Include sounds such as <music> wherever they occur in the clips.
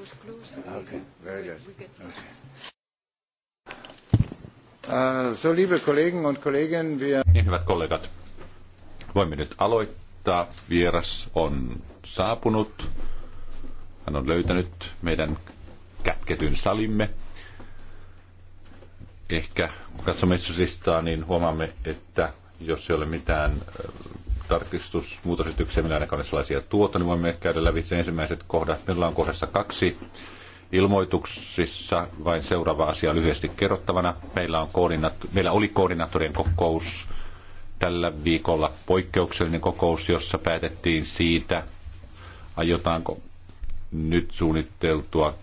was closed. Okay, very good. Okay. Uh, so, liebe Kollegen und Kolleginnen, wir... Niin, hyvät kollegat, voimme nyt aloittaa. Vieras on saapunut. Hän on löytänyt meidän kätketyn salimme. Ehkä kun katsomme niin huomaamme, että jos ei ole mitään tarkistus muutosesityksiä, millä ainakaan sellaisia tuota, niin voimme käydä lävitse ensimmäiset kohdat. Meillä on kohdassa kaksi ilmoituksissa vain seuraava asia lyhyesti kerrottavana. Meillä, on koordinaat- meillä oli koordinaattorien kokous tällä viikolla poikkeuksellinen kokous, jossa päätettiin siitä, aiotaanko nyt suunniteltua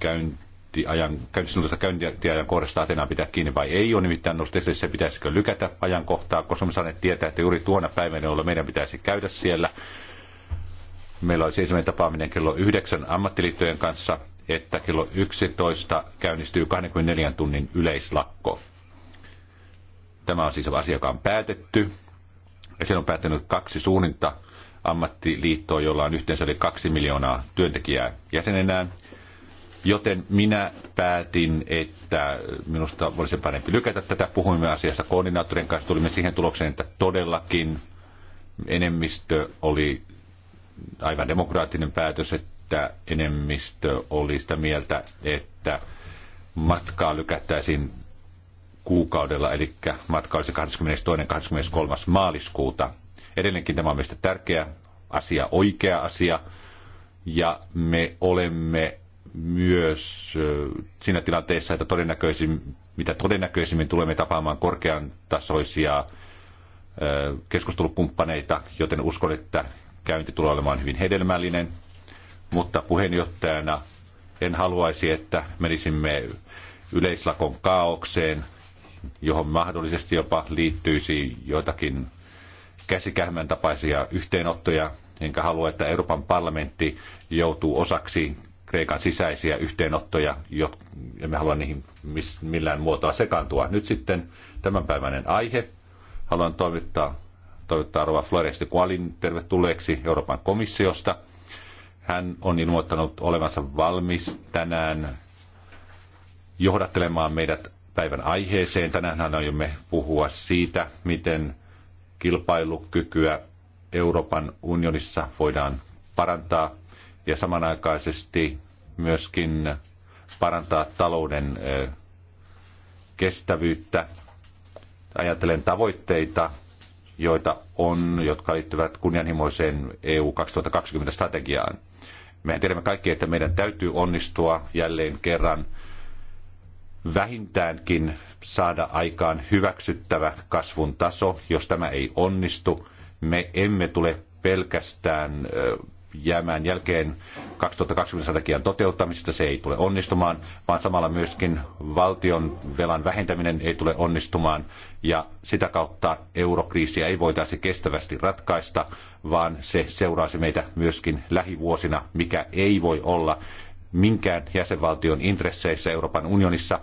käyntiä käyntiajan, käyntiajan kohdasta Atenaan pitää kiinni vai ei ole nimittäin nostettu, se pitäisikö lykätä ajankohtaa, koska me saaneet tietää, että juuri tuona päivänä, jolloin meidän pitäisi käydä siellä, meillä olisi ensimmäinen tapaaminen kello 9 ammattiliittojen kanssa, että kello 11 käynnistyy 24 tunnin yleislakko. Tämä on siis asia, joka on päätetty. Ja siellä on päättänyt kaksi suunnitta ammattiliittoa, jolla on yhteensä yli kaksi miljoonaa työntekijää jäsenenään. Joten minä päätin, että minusta olisi parempi lykätä tätä. Puhuimme asiasta koordinaattorin kanssa, tulimme siihen tulokseen, että todellakin enemmistö oli aivan demokraattinen päätös, että enemmistö oli sitä mieltä, että matkaa lykättäisiin kuukaudella, eli matka olisi 22. 23. maaliskuuta. Edelleenkin tämä on mielestäni tärkeä asia, oikea asia, ja me olemme myös siinä tilanteessa, että todennäköisim, mitä todennäköisimmin tulemme tapaamaan korkean tasoisia keskustelukumppaneita, joten uskon, että käynti tulee olemaan hyvin hedelmällinen. Mutta puheenjohtajana en haluaisi, että menisimme yleislakon kaaukseen, johon mahdollisesti jopa liittyisi joitakin käsikähmän tapaisia yhteenottoja, enkä halua, että Euroopan parlamentti joutuu osaksi Kreikan sisäisiä yhteenottoja, ja me halua niihin millään muotoa sekaantua. Nyt sitten tämänpäiväinen aihe. Haluan toivottaa, toivottaa Rova Floresti Kualin tervetulleeksi Euroopan komissiosta. Hän on ilmoittanut olevansa valmis tänään johdattelemaan meidät päivän aiheeseen. Tänään aiomme puhua siitä, miten kilpailukykyä Euroopan unionissa voidaan parantaa – ja samanaikaisesti myöskin parantaa talouden kestävyyttä. Ajattelen tavoitteita, joita on, jotka liittyvät kunnianhimoiseen EU 2020 strategiaan. Mehän tiedämme kaikki, että meidän täytyy onnistua jälleen kerran vähintäänkin saada aikaan hyväksyttävä kasvun taso. Jos tämä ei onnistu, me emme tule pelkästään jäämään jälkeen 2020 strategian toteuttamisesta. Se ei tule onnistumaan, vaan samalla myöskin valtion velan vähentäminen ei tule onnistumaan. Ja sitä kautta eurokriisiä ei voitaisi kestävästi ratkaista, vaan se seuraisi meitä myöskin lähivuosina, mikä ei voi olla minkään jäsenvaltion intresseissä Euroopan unionissa,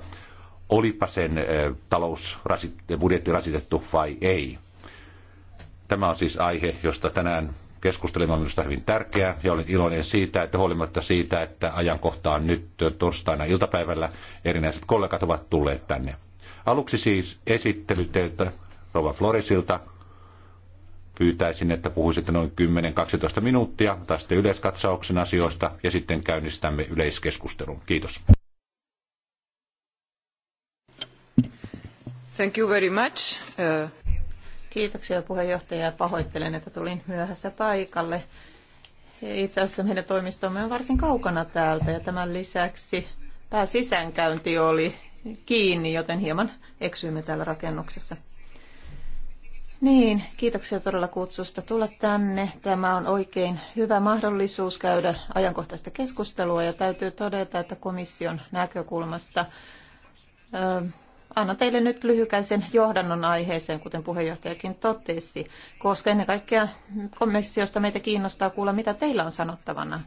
olipa sen eh, talousbudjetti rasitettu vai ei. Tämä on siis aihe, josta tänään keskustelimme on minusta hyvin tärkeää ja olen iloinen siitä, että huolimatta siitä, että ajankohta on nyt torstaina iltapäivällä, erinäiset kollegat ovat tulleet tänne. Aluksi siis esittely teiltä Rova Floresilta. Pyytäisin, että puhuisitte noin 10-12 minuuttia tästä yleiskatsauksen asioista ja sitten käynnistämme yleiskeskustelun. Kiitos. Thank you very much. Uh... Kiitoksia puheenjohtaja. Pahoittelen, että tulin myöhässä paikalle. Itse asiassa meidän toimistomme on varsin kaukana täältä ja tämän lisäksi pääsisäänkäynti oli kiinni, joten hieman eksyimme täällä rakennuksessa. Niin, kiitoksia todella kutsusta tulla tänne. Tämä on oikein hyvä mahdollisuus käydä ajankohtaista keskustelua ja täytyy todeta, että komission näkökulmasta Anna teille nyt lyhykäisen johdannon aiheeseen, kuten puheenjohtajakin totesi, koska ennen kaikkea komissiosta meitä kiinnostaa kuulla, mitä teillä on sanottavana.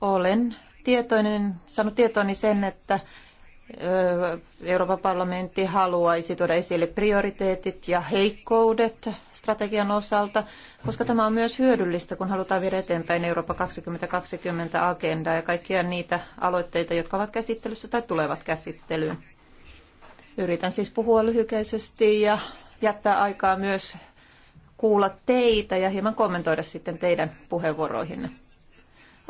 Olen tietoinen, saanut tietoni sen, että Euroopan parlamentti haluaisi tuoda esille prioriteetit ja heikkoudet strategian osalta, koska tämä on myös hyödyllistä, kun halutaan viedä eteenpäin Eurooppa 2020-agendaa ja kaikkia niitä aloitteita, jotka ovat käsittelyssä tai tulevat käsittelyyn. Yritän siis puhua lyhykäisesti ja jättää aikaa myös kuulla teitä ja hieman kommentoida sitten teidän puheenvuoroihinne.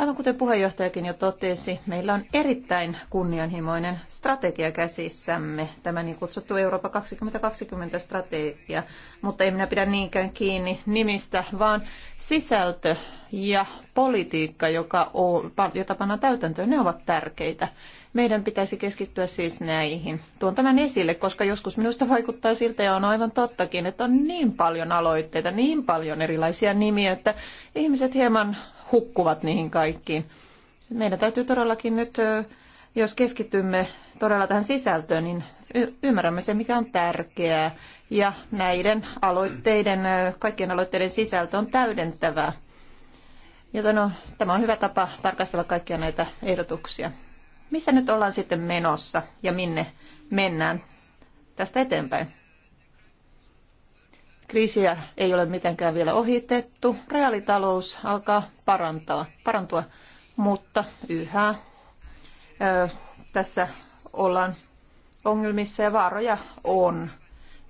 Aivan kuten puheenjohtajakin jo totesi, meillä on erittäin kunnianhimoinen strategia käsissämme, tämä niin kutsuttu Eurooppa 2020-strategia, mutta ei minä pidä niinkään kiinni nimistä, vaan sisältö ja politiikka, joka on, jota pannaan täytäntöön, ne ovat tärkeitä. Meidän pitäisi keskittyä siis näihin. Tuon tämän esille, koska joskus minusta vaikuttaa siltä, ja on aivan tottakin, että on niin paljon aloitteita, niin paljon erilaisia nimiä, että ihmiset hieman hukkuvat niihin kaikkiin. Meidän täytyy todellakin nyt, jos keskitymme todella tähän sisältöön, niin ymmärrämme se, mikä on tärkeää. Ja näiden aloitteiden, kaikkien aloitteiden sisältö on täydentävää. Joten no, tämä on hyvä tapa tarkastella kaikkia näitä ehdotuksia. Missä nyt ollaan sitten menossa ja minne mennään tästä eteenpäin? Kriisiä ei ole mitenkään vielä ohitettu. Reaalitalous alkaa parantaa, parantua, mutta yhä ö, tässä ollaan ongelmissa ja vaaroja on.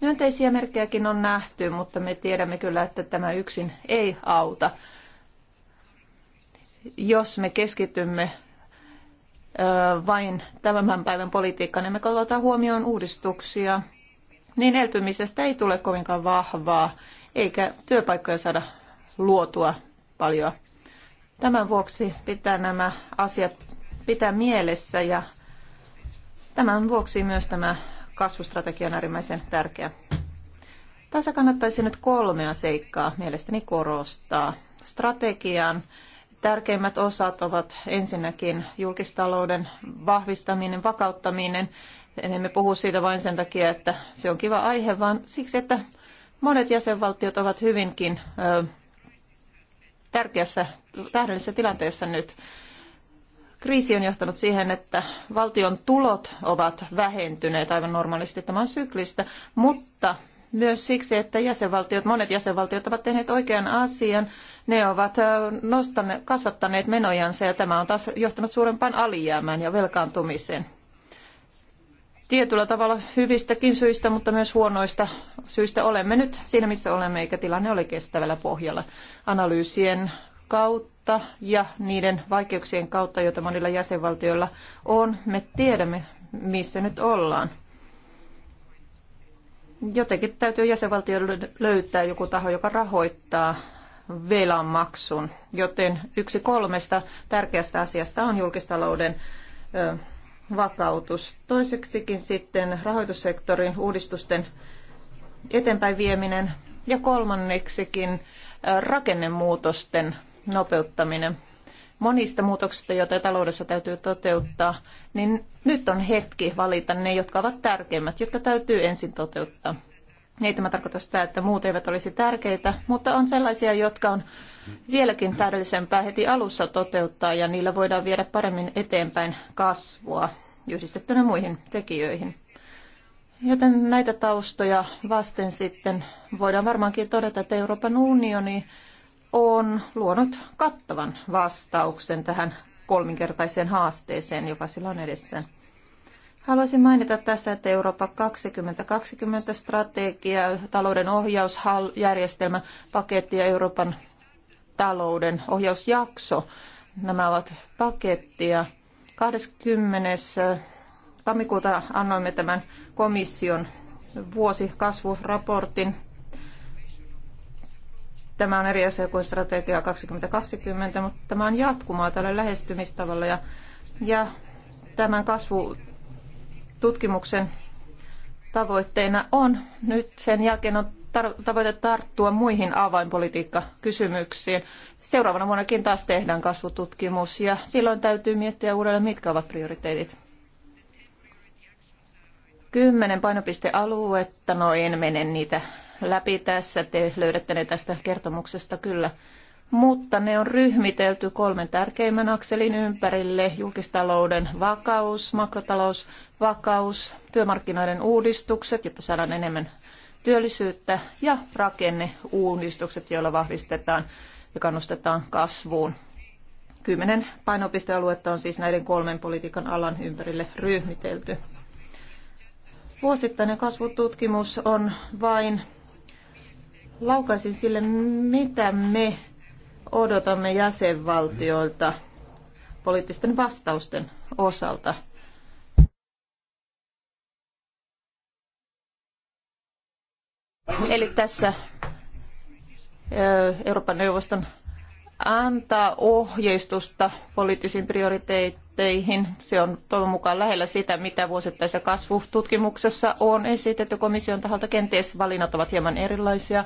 Myönteisiä merkkejäkin on nähty, mutta me tiedämme kyllä, että tämä yksin ei auta. Jos me keskitymme vain tämän päivän politiikkaan, niin me katsotaan huomioon uudistuksia niin elpymisestä ei tule kovinkaan vahvaa, eikä työpaikkoja saada luotua paljon. Tämän vuoksi pitää nämä asiat pitää mielessä ja tämän vuoksi myös tämä kasvustrategia on äärimmäisen tärkeä. Tässä kannattaisi nyt kolmea seikkaa mielestäni korostaa. Strategian tärkeimmät osat ovat ensinnäkin julkistalouden vahvistaminen, vakauttaminen emme puhu siitä vain sen takia, että se on kiva aihe, vaan siksi, että monet jäsenvaltiot ovat hyvinkin tärkeässä, tähdellisessä tilanteessa nyt. Kriisi on johtanut siihen, että valtion tulot ovat vähentyneet aivan normaalisti tämän syklistä, mutta myös siksi, että jäsenvaltiot, monet jäsenvaltiot ovat tehneet oikean asian. Ne ovat nostaneet, kasvattaneet menojansa ja tämä on taas johtanut suurempaan alijäämään ja velkaantumiseen tietyllä tavalla hyvistäkin syistä, mutta myös huonoista syistä olemme nyt siinä, missä olemme, eikä tilanne ole kestävällä pohjalla. Analyysien kautta ja niiden vaikeuksien kautta, joita monilla jäsenvaltioilla on, me tiedämme, missä nyt ollaan. Jotenkin täytyy jäsenvaltioille löytää joku taho, joka rahoittaa velanmaksun, joten yksi kolmesta tärkeästä asiasta on julkistalouden vakautus. Toiseksikin sitten rahoitussektorin uudistusten eteenpäin vieminen ja kolmanneksikin rakennemuutosten nopeuttaminen. Monista muutoksista, joita taloudessa täytyy toteuttaa, niin nyt on hetki valita ne, jotka ovat tärkeimmät, jotka täytyy ensin toteuttaa. Ei tämä tarkoita sitä, että muut eivät olisi tärkeitä, mutta on sellaisia, jotka on vieläkin täydellisempää heti alussa toteuttaa ja niillä voidaan viedä paremmin eteenpäin kasvua yhdistettynä muihin tekijöihin. Joten näitä taustoja vasten sitten voidaan varmaankin todeta, että Euroopan unioni on luonut kattavan vastauksen tähän kolminkertaiseen haasteeseen, joka sillä on edessään. Haluaisin mainita tässä, että Eurooppa 2020 strategia, talouden ohjausjärjestelmä, paketti ja Euroopan talouden ohjausjakso, nämä ovat pakettia. 20. tammikuuta annoimme tämän komission vuosikasvuraportin. Tämä on eri asia kuin strategia 2020, mutta tämä on jatkumaa tällä lähestymistavalla ja, ja tämän kasvu tutkimuksen tavoitteena on nyt sen jälkeen on tavoite tarttua muihin avainpolitiikkakysymyksiin. Seuraavana vuonnakin taas tehdään kasvututkimus ja silloin täytyy miettiä uudelleen, mitkä ovat prioriteetit. Kymmenen painopistealuetta, no en mene niitä läpi tässä, te löydätte ne tästä kertomuksesta kyllä mutta ne on ryhmitelty kolmen tärkeimmän akselin ympärille, julkistalouden vakaus, makrotalous, vakaus, työmarkkinoiden uudistukset, jotta saadaan enemmän työllisyyttä ja rakenneuudistukset, joilla vahvistetaan ja kannustetaan kasvuun. Kymmenen painopistealuetta on siis näiden kolmen politiikan alan ympärille ryhmitelty. Vuosittainen kasvututkimus on vain laukaisin sille, mitä me odotamme jäsenvaltioilta poliittisten vastausten osalta. Eli tässä Euroopan neuvoston antaa ohjeistusta poliittisiin prioriteetteihin. Se on toivon mukaan lähellä sitä, mitä vuosittaisessa kasvututkimuksessa on esitetty komission taholta. Kenties valinnat ovat hieman erilaisia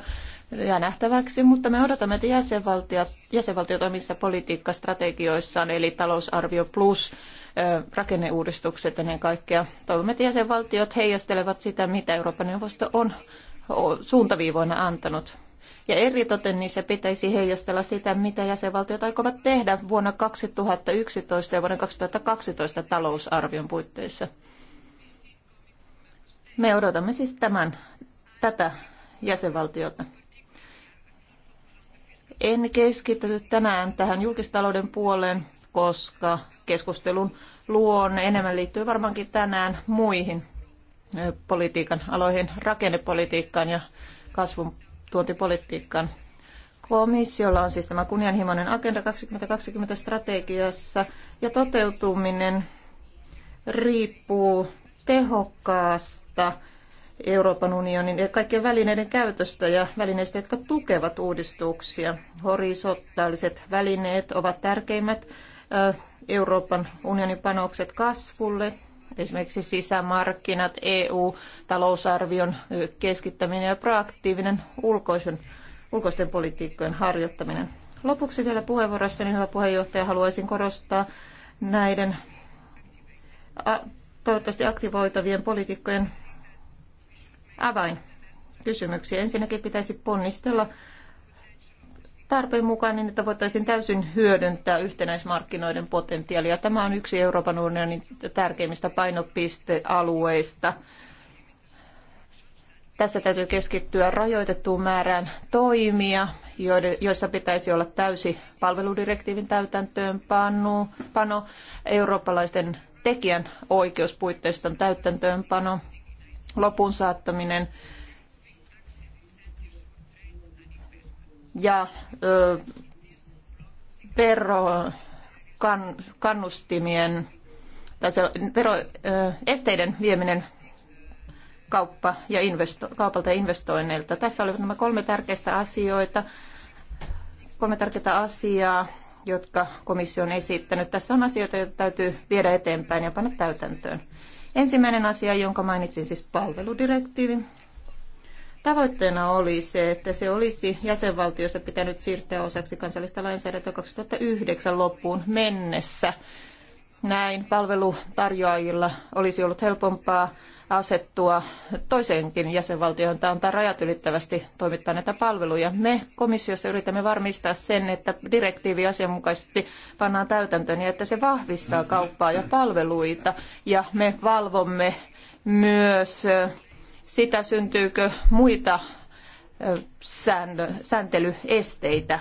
ja nähtäväksi, mutta me odotamme, että jäsenvaltiot, jäsenvaltiot omissa politiikkastrategioissaan, eli talousarvio plus rakenneuudistukset ennen kaikkea. Toivomme, että jäsenvaltiot heijastelevat sitä, mitä Euroopan neuvosto on suuntaviivoina antanut. Ja eritoten niissä pitäisi heijastella sitä, mitä jäsenvaltiot aikovat tehdä vuonna 2011 ja vuoden 2012 talousarvion puitteissa. Me odotamme siis tämän, tätä jäsenvaltiota. En keskity tänään tähän julkistalouden puoleen, koska keskustelun luon enemmän liittyy varmaankin tänään muihin politiikan aloihin, rakennepolitiikkaan ja kasvun tuontipolitiikkaan. Komissiolla on siis tämä kunnianhimoinen Agenda 2020 strategiassa ja toteutuminen riippuu tehokkaasta Euroopan unionin ja kaikkien välineiden käytöstä ja välineistä, jotka tukevat uudistuksia. Horisontaaliset välineet ovat tärkeimmät Euroopan unionin panokset kasvulle esimerkiksi sisämarkkinat, EU-talousarvion keskittäminen ja proaktiivinen ulkoisen, ulkoisten politiikkojen harjoittaminen. Lopuksi vielä puheenvuorossani, hyvä puheenjohtaja, haluaisin korostaa näiden toivottavasti aktivoitavien poliitikkojen avainkysymyksiä. Ensinnäkin pitäisi ponnistella tarpeen mukaan niin, että voitaisiin täysin hyödyntää yhtenäismarkkinoiden potentiaalia. Tämä on yksi Euroopan unionin tärkeimmistä painopistealueista. Tässä täytyy keskittyä rajoitettuun määrään toimia, joissa pitäisi olla täysi palveludirektiivin täytäntöönpano, pano, eurooppalaisten tekijän oikeuspuitteiston täytäntöönpano, lopun saattaminen ja kannustimien tai se esteiden vieminen kauppa ja investo, kaupalta ja investoinneilta. Tässä olivat nämä kolme tärkeistä asioita, kolme tärkeää asiaa, jotka komissio on esittänyt. Tässä on asioita, joita täytyy viedä eteenpäin ja panna täytäntöön. Ensimmäinen asia, jonka mainitsin, siis palveludirektiivi. Tavoitteena oli se, että se olisi jäsenvaltiossa pitänyt siirtää osaksi kansallista lainsäädäntöä 2009 loppuun mennessä. Näin palvelutarjoajilla olisi ollut helpompaa asettua toiseenkin jäsenvaltioon tai antaa rajat ylittävästi toimittaa näitä palveluja. Me komissiossa yritämme varmistaa sen, että direktiivi asianmukaisesti pannaan täytäntöön ja että se vahvistaa kauppaa ja palveluita ja me valvomme myös sitä, syntyykö muita sääntelyesteitä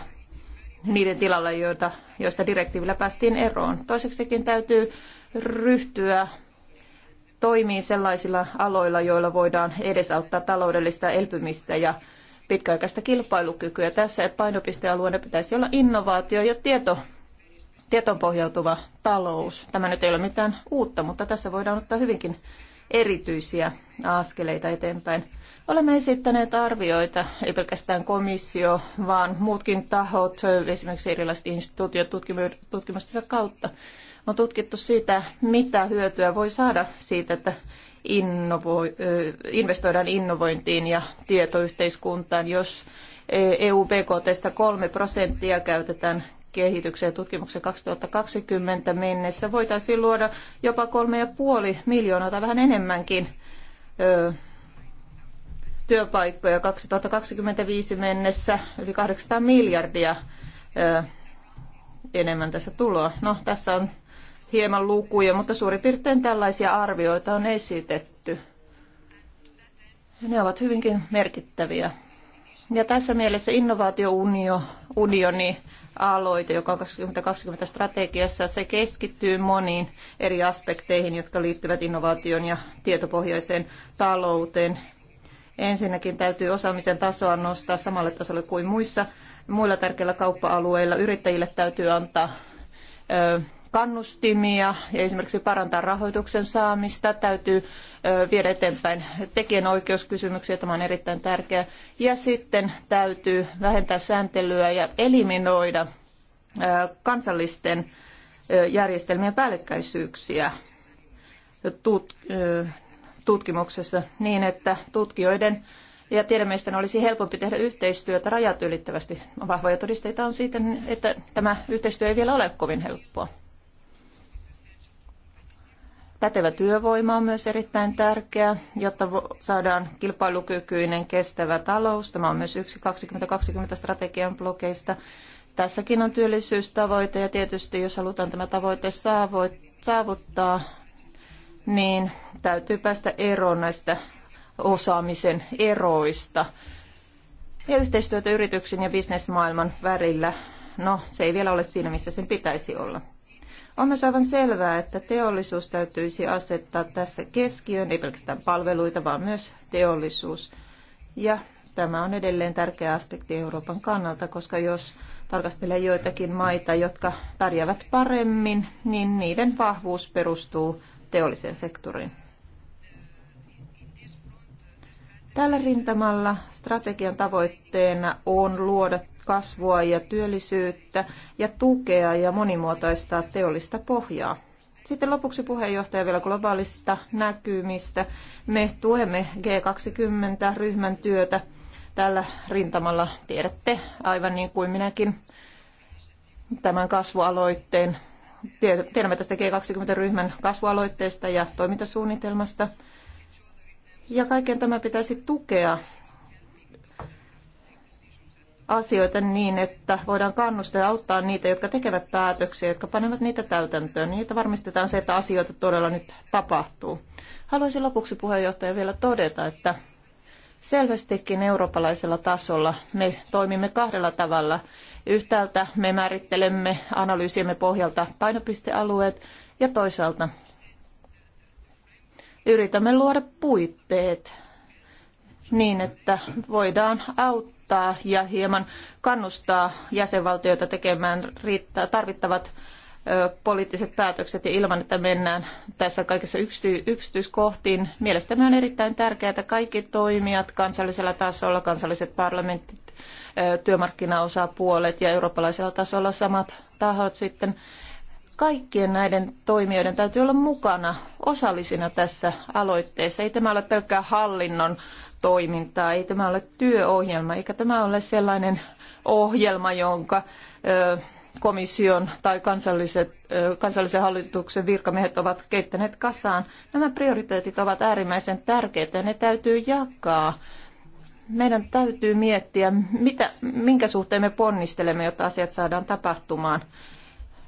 niiden tilalla, joita, joista direktiivillä päästiin eroon. Toiseksikin täytyy ryhtyä toimiin sellaisilla aloilla, joilla voidaan edesauttaa taloudellista elpymistä ja pitkäaikaista kilpailukykyä. Tässä painopistealueena pitäisi olla innovaatio ja tieto, tietoon pohjautuva talous. Tämä nyt ei ole mitään uutta, mutta tässä voidaan ottaa hyvinkin erityisiä askeleita eteenpäin. Olemme esittäneet arvioita, ei pelkästään komissio, vaan muutkin tahot, esimerkiksi erilaiset instituutiot tutkimustensa kautta. On tutkittu sitä, mitä hyötyä voi saada siitä, että innovoi, investoidaan innovointiin ja tietoyhteiskuntaan, jos EU-BKTstä 3 prosenttia käytetään kehitykseen ja tutkimukseen 2020 mennessä voitaisiin luoda jopa 3,5 miljoonaa tai vähän enemmänkin työpaikkoja 2025 mennessä yli 800 miljardia enemmän tässä tuloa. No, tässä on hieman lukuja, mutta suurin piirtein tällaisia arvioita on esitetty. Ne ovat hyvinkin merkittäviä. Ja tässä mielessä innovaatiounio unioni aloite, joka on 2020 strategiassa, se keskittyy moniin eri aspekteihin, jotka liittyvät innovaatioon ja tietopohjaiseen talouteen. Ensinnäkin täytyy osaamisen tasoa nostaa samalle tasolle kuin muissa, muilla tärkeillä kauppa-alueilla. Yrittäjille täytyy antaa ö, kannustimia ja esimerkiksi parantaa rahoituksen saamista. Täytyy viedä eteenpäin tekijänoikeuskysymyksiä, tämä on erittäin tärkeää. Ja sitten täytyy vähentää sääntelyä ja eliminoida kansallisten järjestelmien päällekkäisyyksiä tutkimuksessa niin, että tutkijoiden ja tiedemiesten olisi helpompi tehdä yhteistyötä rajat ylittävästi. Vahvoja todisteita on siitä, että tämä yhteistyö ei vielä ole kovin helppoa. Pätevä työvoima on myös erittäin tärkeä, jotta saadaan kilpailukykyinen, kestävä talous. Tämä on myös yksi 2020-strategian blogeista. Tässäkin on työllisyystavoite ja tietysti jos halutaan tämä tavoite saavuttaa, niin täytyy päästä eroon näistä osaamisen eroista. Ja yhteistyötä yrityksen ja bisnesmaailman välillä, no se ei vielä ole siinä, missä sen pitäisi olla. On myös aivan selvää, että teollisuus täytyisi asettaa tässä keskiöön, ei pelkästään palveluita, vaan myös teollisuus. Ja tämä on edelleen tärkeä aspekti Euroopan kannalta, koska jos tarkastelee joitakin maita, jotka pärjäävät paremmin, niin niiden vahvuus perustuu teolliseen sektoriin. Tällä rintamalla strategian tavoitteena on luoda kasvua ja työllisyyttä ja tukea ja monimuotoistaa teollista pohjaa. Sitten lopuksi puheenjohtaja vielä globaalista näkymistä. Me tuemme G20-ryhmän työtä tällä rintamalla, tiedätte aivan niin kuin minäkin tämän kasvualoitteen. Tiedämme tästä G20-ryhmän kasvualoitteesta ja toimintasuunnitelmasta. Ja kaiken tämä pitäisi tukea asioita niin, että voidaan kannustaa ja auttaa niitä, jotka tekevät päätöksiä, jotka panevat niitä täytäntöön, niin että varmistetaan se, että asioita todella nyt tapahtuu. Haluaisin lopuksi puheenjohtaja vielä todeta, että selvästikin eurooppalaisella tasolla me toimimme kahdella tavalla. Yhtäältä me määrittelemme analyysiemme pohjalta painopistealueet ja toisaalta yritämme luoda puitteet niin, että voidaan auttaa auttaa ja hieman kannustaa jäsenvaltioita tekemään riittää, tarvittavat poliittiset päätökset ja ilman, että mennään tässä kaikessa yksity- yksityiskohtiin. Mielestäni on erittäin tärkeää, että kaikki toimijat kansallisella tasolla, kansalliset parlamentit, työmarkkinaosapuolet ja eurooppalaisella tasolla samat tahot sitten kaikkien näiden toimijoiden täytyy olla mukana osallisina tässä aloitteessa. Ei tämä ole pelkkää hallinnon toimintaa, ei tämä ole työohjelma, eikä tämä ole sellainen ohjelma, jonka komission tai kansalliset, kansallisen hallituksen virkamiehet ovat keittäneet kasaan. Nämä prioriteetit ovat äärimmäisen tärkeitä ja ne täytyy jakaa. Meidän täytyy miettiä, mitä, minkä suhteen me ponnistelemme, jotta asiat saadaan tapahtumaan.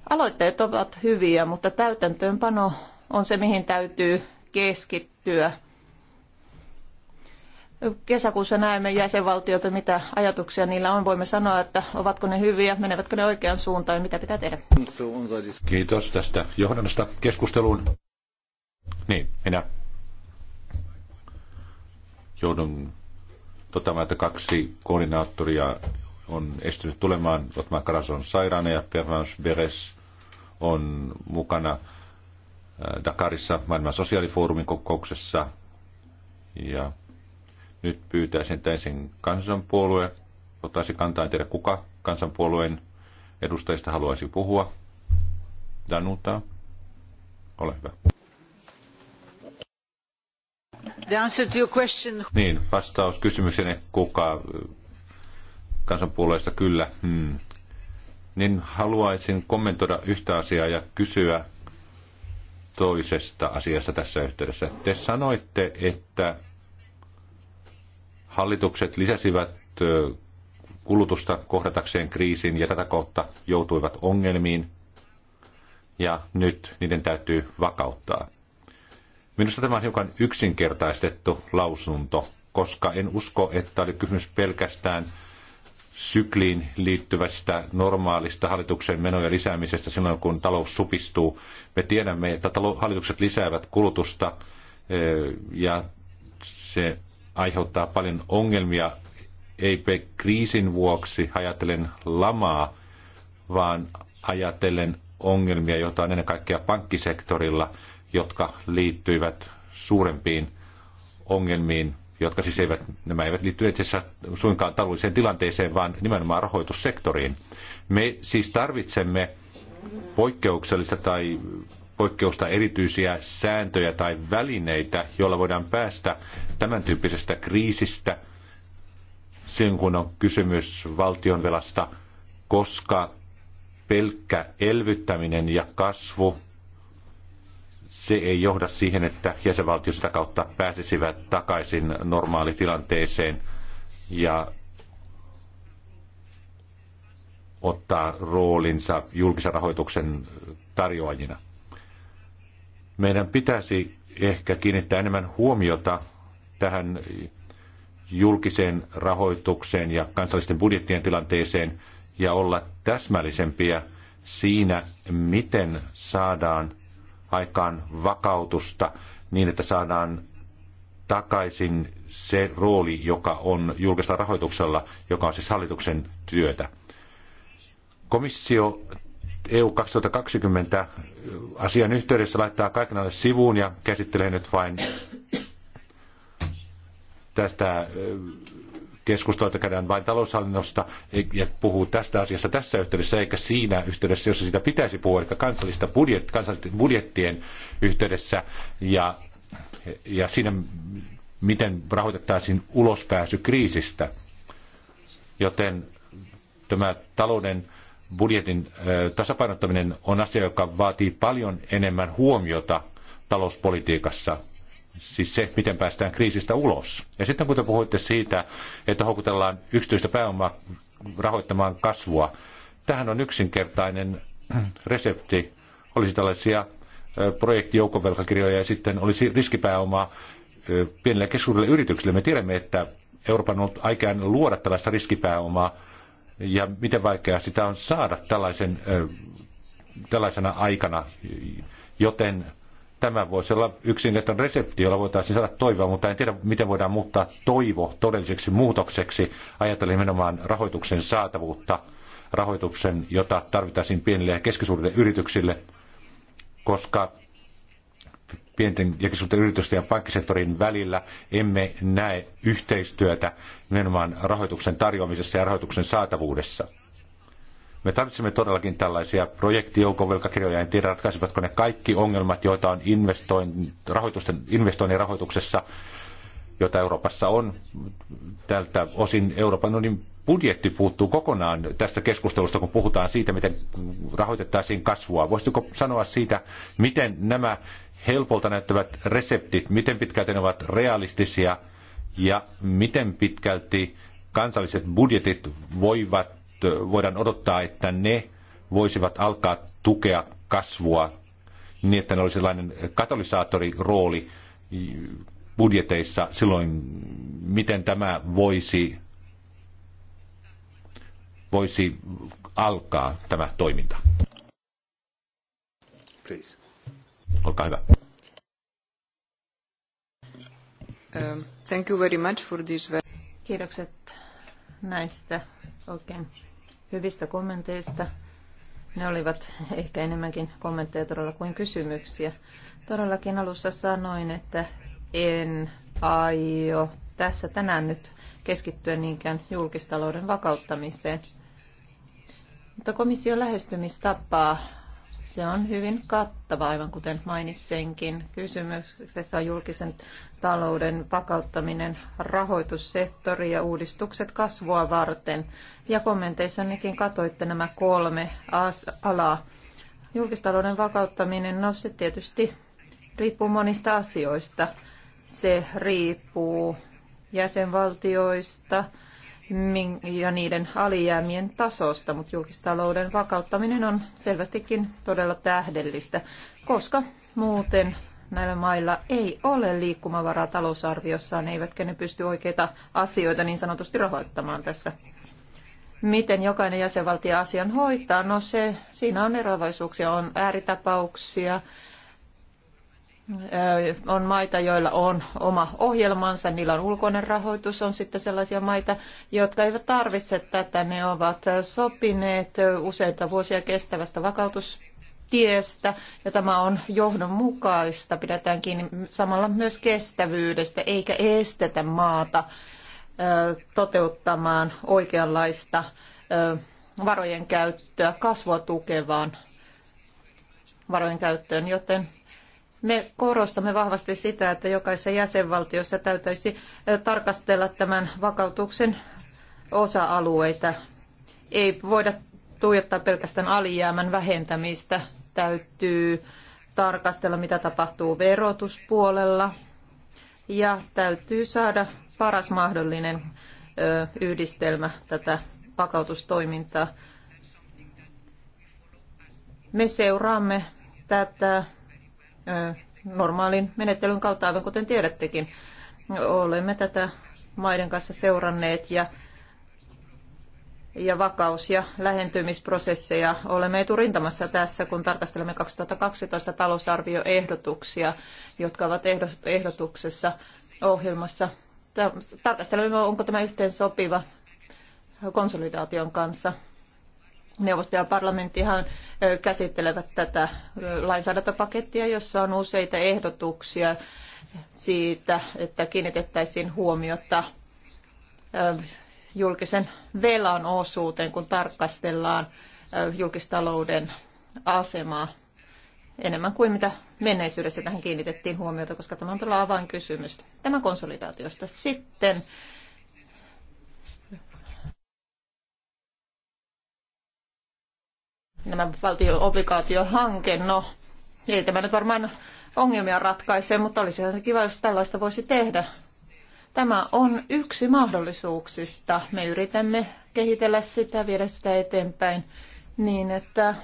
Aloitteet ovat hyviä, mutta täytäntöönpano on se, mihin täytyy keskittyä. Kesäkuussa näemme jäsenvaltioita, mitä ajatuksia niillä on. Voimme sanoa, että ovatko ne hyviä, menevätkö ne oikeaan suuntaan ja mitä pitää tehdä. Kiitos tästä johdannosta keskusteluun. Niin, minä joudun toteamaan, että kaksi koordinaattoria on estynyt tulemaan, Otmar Karas on sairaana ja Pervans Beres on mukana äh, Dakarissa maailman sosiaalifoorumin kokouksessa. Ja nyt pyytäisin, että ensin kansanpuolue ottaisi kantaa, en tiedä kuka kansanpuolueen edustajista haluaisi puhua. Danuta, ole hyvä. The answer to your question. Niin, vastaus kysymykseen, kuka kansanpuolueesta kyllä, hmm. niin haluaisin kommentoida yhtä asiaa ja kysyä toisesta asiasta tässä yhteydessä. Te sanoitte, että hallitukset lisäsivät kulutusta kohdatakseen kriisin ja tätä kautta joutuivat ongelmiin ja nyt niiden täytyy vakauttaa. Minusta tämä on hiukan yksinkertaistettu lausunto, koska en usko, että oli kysymys pelkästään – sykliin liittyvästä normaalista hallituksen menojen lisäämisestä silloin, kun talous supistuu. Me tiedämme, että hallitukset lisäävät kulutusta eh, ja se aiheuttaa paljon ongelmia, ei kriisin vuoksi ajatellen lamaa, vaan ajatellen ongelmia, joita on ennen kaikkea pankkisektorilla, jotka liittyivät suurempiin ongelmiin jotka siis eivät, nämä eivät liitty itse asiassa suinkaan taloudelliseen tilanteeseen, vaan nimenomaan rahoitussektoriin. Me siis tarvitsemme poikkeuksellista tai poikkeusta erityisiä sääntöjä tai välineitä, joilla voidaan päästä tämän tyyppisestä kriisistä silloin, kun on kysymys valtionvelasta, koska pelkkä elvyttäminen ja kasvu se ei johda siihen, että jäsenvaltio sitä kautta pääsisivät takaisin normaalitilanteeseen ja ottaa roolinsa julkisen rahoituksen tarjoajina. Meidän pitäisi ehkä kiinnittää enemmän huomiota tähän julkiseen rahoitukseen ja kansallisten budjettien tilanteeseen ja olla täsmällisempiä siinä, miten saadaan aikaan vakautusta niin, että saadaan takaisin se rooli, joka on julkisella rahoituksella, joka on siis hallituksen työtä. Komissio EU 2020 asian yhteydessä laittaa kaiken alle sivuun ja käsittelee nyt vain tästä keskusteluita käydään vain taloushallinnosta e- ja puhuu tästä asiasta tässä yhteydessä, eikä siinä yhteydessä, jossa sitä pitäisi puhua, eli kansallista budjet, kansallisten budjettien yhteydessä ja, ja siinä, miten rahoitettaisiin ulospääsy kriisistä. Joten tämä talouden budjetin tasapainottaminen on asia, joka vaatii paljon enemmän huomiota talouspolitiikassa Siis se, miten päästään kriisistä ulos. Ja sitten kun te puhuitte siitä, että houkutellaan yksityistä pääomaa rahoittamaan kasvua, tähän on yksinkertainen <clears throat> resepti. Olisi tällaisia projektijoukkovelkakirjoja ja sitten olisi riskipääomaa pienille keskuudelle yrityksille. Me tiedämme, että Euroopan on ollut aikaan luoda tällaista riskipääomaa ja miten vaikeaa sitä on saada tällaisen, tällaisena aikana, joten Tämä voisi olla yksinkertainen resepti, jolla voitaisiin saada toivoa, mutta en tiedä, miten voidaan muuttaa toivo todelliseksi muutokseksi. Ajatellen nimenomaan rahoituksen saatavuutta, rahoituksen, jota tarvitaan pienille ja keskisuurille yrityksille, koska pienten ja keskisuurten yritysten ja pankkisektorin välillä emme näe yhteistyötä nimenomaan rahoituksen tarjoamisessa ja rahoituksen saatavuudessa. Me tarvitsemme todellakin tällaisia projektijoukovelkakirjoja. En tiedä, ratkaisivatko ne kaikki ongelmat, joita on investoin, rahoitusten, investoinnin rahoituksessa, joita Euroopassa on. Tältä osin Euroopan unionin budjetti puuttuu kokonaan tästä keskustelusta, kun puhutaan siitä, miten rahoitettaisiin kasvua. Voisitko sanoa siitä, miten nämä helpolta näyttävät reseptit, miten pitkälti ne ovat realistisia ja miten pitkälti kansalliset budjetit voivat voidaan odottaa, että ne voisivat alkaa tukea kasvua niin, että ne olisi sellainen rooli budjeteissa silloin, miten tämä voisi, voisi alkaa tämä toiminta. Please. Olkaa hyvä. Um, thank you very much for this. Kiitokset näistä oikein hyvistä kommenteista. Ne olivat ehkä enemmänkin kommentteja todella kuin kysymyksiä. Todellakin alussa sanoin, että en aio tässä tänään nyt keskittyä niinkään julkistalouden vakauttamiseen. Mutta komission lähestymistapaa se on hyvin kattava, aivan kuten mainitsenkin. Kysymyksessä on julkisen talouden vakauttaminen, rahoitussektori ja uudistukset kasvua varten. Ja kommenteissa nekin katoitte nämä kolme alaa. Julkistalouden vakauttaminen, no se tietysti riippuu monista asioista. Se riippuu jäsenvaltioista, ja niiden alijäämien tasosta, mutta julkistalouden vakauttaminen on selvästikin todella tähdellistä, koska muuten näillä mailla ei ole liikkumavaraa talousarviossaan, eivätkä ne pysty oikeita asioita niin sanotusti rahoittamaan tässä. Miten jokainen jäsenvaltio asian hoitaa? No se, siinä on eroavaisuuksia, on ääritapauksia, on maita, joilla on oma ohjelmansa, niillä on ulkoinen rahoitus, on sitten sellaisia maita, jotka eivät tarvitse tätä. Ne ovat sopineet useita vuosia kestävästä vakautustiestä ja tämä on johdonmukaista. Pidetään kiinni samalla myös kestävyydestä eikä estetä maata toteuttamaan oikeanlaista varojen käyttöä kasvua tukevaan varojen käyttöön, joten me korostamme vahvasti sitä, että jokaisessa jäsenvaltiossa täytyisi tarkastella tämän vakautuksen osa-alueita. Ei voida tuijottaa pelkästään alijäämän vähentämistä. Täytyy tarkastella, mitä tapahtuu verotuspuolella. Ja täytyy saada paras mahdollinen yhdistelmä tätä vakautustoimintaa. Me seuraamme tätä normaalin menettelyn kautta, aivan kuten tiedättekin. Olemme tätä maiden kanssa seuranneet ja, ja vakaus- ja lähentymisprosesseja olemme eturintamassa tässä, kun tarkastelemme 2012 talousarvioehdotuksia, jotka ovat ehdotuksessa ohjelmassa. Tarkastelemme, onko tämä yhteen sopiva konsolidaation kanssa. Neuvosto ja parlamenttihan käsittelevät tätä lainsäädäntöpakettia, jossa on useita ehdotuksia siitä, että kiinnitettäisiin huomiota julkisen velan osuuteen, kun tarkastellaan julkistalouden asemaa enemmän kuin mitä menneisyydessä tähän kiinnitettiin huomiota, koska tämä on todella avainkysymys. Tämä konsolidaatiosta sitten nämä valtioobligaatiohanke, no ei tämä nyt varmaan ongelmia ratkaise, mutta olisihan se kiva, jos tällaista voisi tehdä. Tämä on yksi mahdollisuuksista. Me yritämme kehitellä sitä, viedä sitä eteenpäin niin, että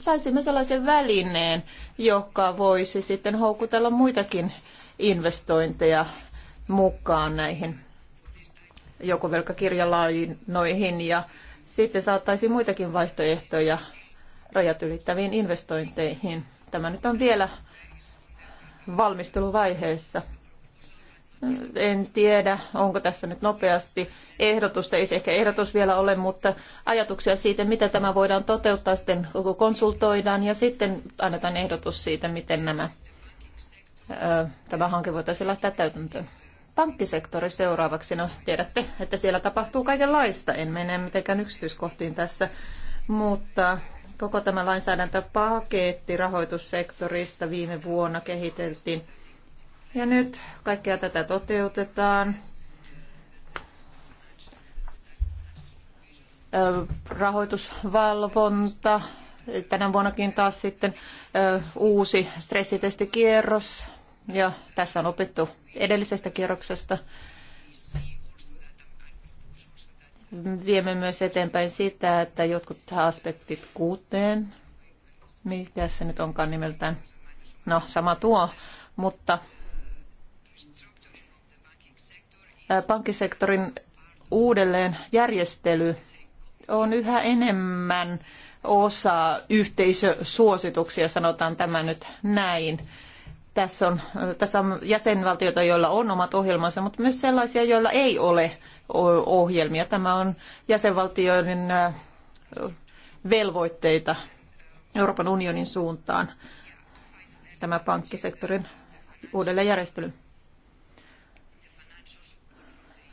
saisimme sellaisen välineen, joka voisi sitten houkutella muitakin investointeja mukaan näihin joku velkakirjalainoihin ja sitten saattaisi muitakin vaihtoehtoja rajat ylittäviin investointeihin. Tämä nyt on vielä valmisteluvaiheessa. En tiedä, onko tässä nyt nopeasti ehdotusta, ei se ehkä ehdotus vielä ole, mutta ajatuksia siitä, mitä tämä voidaan toteuttaa, sitten konsultoidaan ja sitten annetaan ehdotus siitä, miten nämä, tämä hanke voitaisiin lähteä täytäntöön pankkisektori seuraavaksi. No tiedätte, että siellä tapahtuu kaikenlaista. En mene mitenkään yksityiskohtiin tässä, mutta koko tämä lainsäädäntöpaketti rahoitussektorista viime vuonna kehiteltiin. Ja nyt kaikkea tätä toteutetaan. Rahoitusvalvonta, tänä vuonnakin taas sitten uusi stressitestikierros ja tässä on opittu edellisestä kierroksesta. Viemme myös eteenpäin sitä, että jotkut aspektit kuuteen, mikä se nyt onkaan nimeltään, no sama tuo, mutta pankkisektorin uudelleen järjestely on yhä enemmän osa yhteisösuosituksia, sanotaan tämä nyt näin. Tässä on, tässä on jäsenvaltioita, joilla on omat ohjelmansa, mutta myös sellaisia, joilla ei ole ohjelmia. Tämä on jäsenvaltioiden velvoitteita Euroopan unionin suuntaan, tämä pankkisektorin uudelleenjärjestely.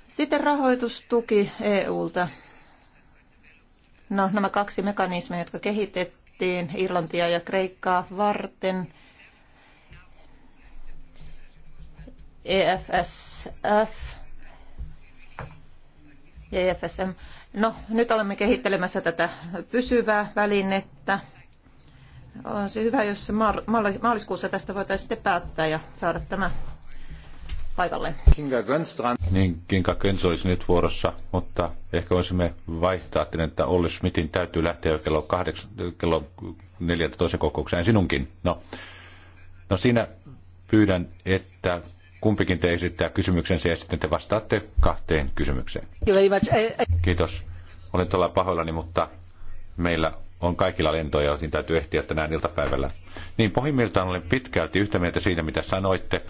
Sitten rahoitustuki EUlta. No, nämä kaksi mekanismia, jotka kehitettiin Irlantia ja Kreikkaa varten, EFSF ja EFSM. No, nyt olemme kehittelemässä tätä pysyvää välinettä. On se hyvä, jos maaliskuussa tästä voitaisiin sitten päättää ja saada tämä paikalle. Kinga Gönstrand. Niin, Kinga Göns olisi nyt vuorossa, mutta ehkä voisimme vaihtaa, että Olli Smithin täytyy lähteä jo kello, 8, kello 14 kokoukseen sinunkin. No. no siinä pyydän, että kumpikin te esittää kysymyksensä ja sitten te vastaatte kahteen kysymykseen. Kiitos. Olen tuolla pahoillani, mutta meillä on kaikilla lentoja, joihin täytyy ehtiä tänään iltapäivällä. Niin pohjimmiltaan olen pitkälti yhtä mieltä siitä, mitä sanoitte.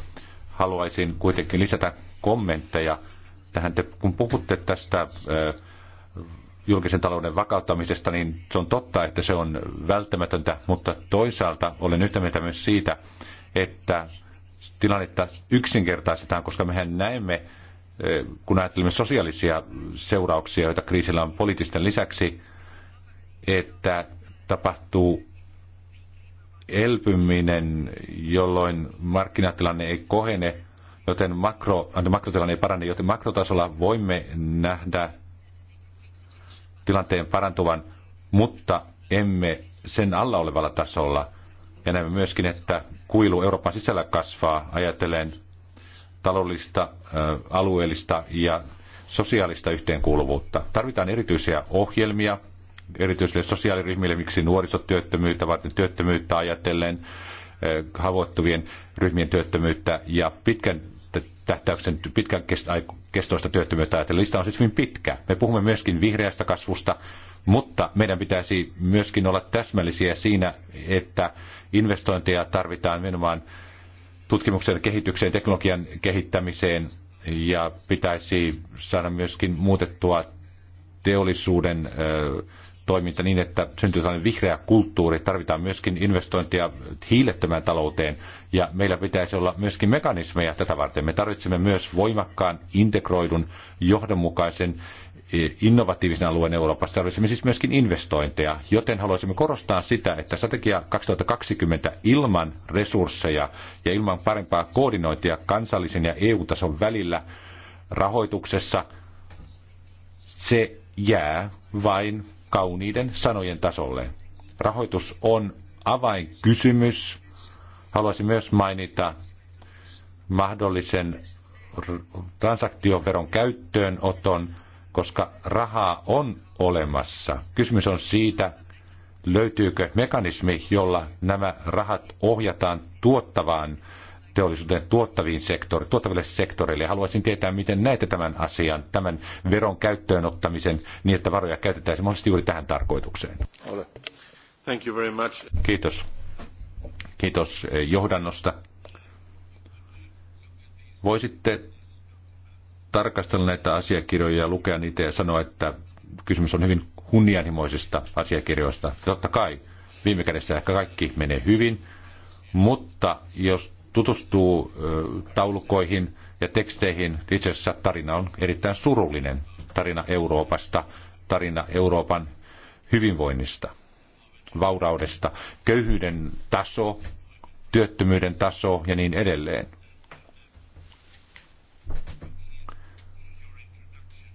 Haluaisin kuitenkin lisätä kommentteja tähän. Te, kun puhutte tästä julkisen talouden vakauttamisesta, niin se on totta, että se on välttämätöntä, mutta toisaalta olen yhtä mieltä myös siitä, että tilannetta yksinkertaistetaan, koska mehän näemme, eh, kun ajattelemme sosiaalisia seurauksia, joita kriisillä on poliittisten lisäksi, että tapahtuu elpyminen, jolloin markkinatilanne ei kohene, joten makro, makrotilanne ei parane, joten makrotasolla voimme nähdä tilanteen parantuvan, mutta emme sen alla olevalla tasolla. Ja näemme myöskin, että kuilu Euroopan sisällä kasvaa, ajatellen taloudellista, alueellista ja sosiaalista yhteenkuuluvuutta. Tarvitaan erityisiä ohjelmia erityisille sosiaaliryhmille, miksi nuorisotyöttömyyttä varten työttömyyttä ajatellen, haavoittuvien ryhmien työttömyyttä ja pitkän tähtäyksen pitkän kestoista työttömyyttä ajatellen. Lista on siis hyvin pitkä. Me puhumme myöskin vihreästä kasvusta, mutta meidän pitäisi myöskin olla täsmällisiä siinä, että investointeja tarvitaan nimenomaan tutkimuksen kehitykseen, teknologian kehittämiseen ja pitäisi saada myöskin muutettua teollisuuden toiminta niin, että syntyy sellainen vihreä kulttuuri. Tarvitaan myöskin investointia hiilettömään talouteen ja meillä pitäisi olla myöskin mekanismeja tätä varten. Me tarvitsemme myös voimakkaan, integroidun, johdonmukaisen Eh, innovatiivisen alueen Euroopassa. Tarvitsemme siis myöskin investointeja, joten haluaisimme korostaa sitä, että strategia 2020 ilman resursseja ja ilman parempaa koordinointia kansallisen ja EU-tason välillä rahoituksessa, se jää vain kauniiden sanojen tasolle. Rahoitus on avainkysymys. Haluaisin myös mainita mahdollisen transaktioveron käyttöönoton koska rahaa on olemassa. Kysymys on siitä, löytyykö mekanismi, jolla nämä rahat ohjataan tuottavaan teollisuuteen tuottaviin sektori, tuottaville sektoreille. Haluaisin tietää, miten näette tämän asian, tämän veron käyttöön ottamisen, niin että varoja käytetään mahdollisesti juuri tähän tarkoitukseen. Ole. Thank you very much. Kiitos. Kiitos eh, johdannosta. Voisitte tarkastella näitä asiakirjoja ja lukea niitä ja sanoa, että kysymys on hyvin kunnianhimoisista asiakirjoista. Totta kai viime kädessä ehkä kaikki menee hyvin, mutta jos tutustuu taulukoihin ja teksteihin, itse asiassa tarina on erittäin surullinen. Tarina Euroopasta, tarina Euroopan hyvinvoinnista, vauraudesta, köyhyyden taso, työttömyyden taso ja niin edelleen.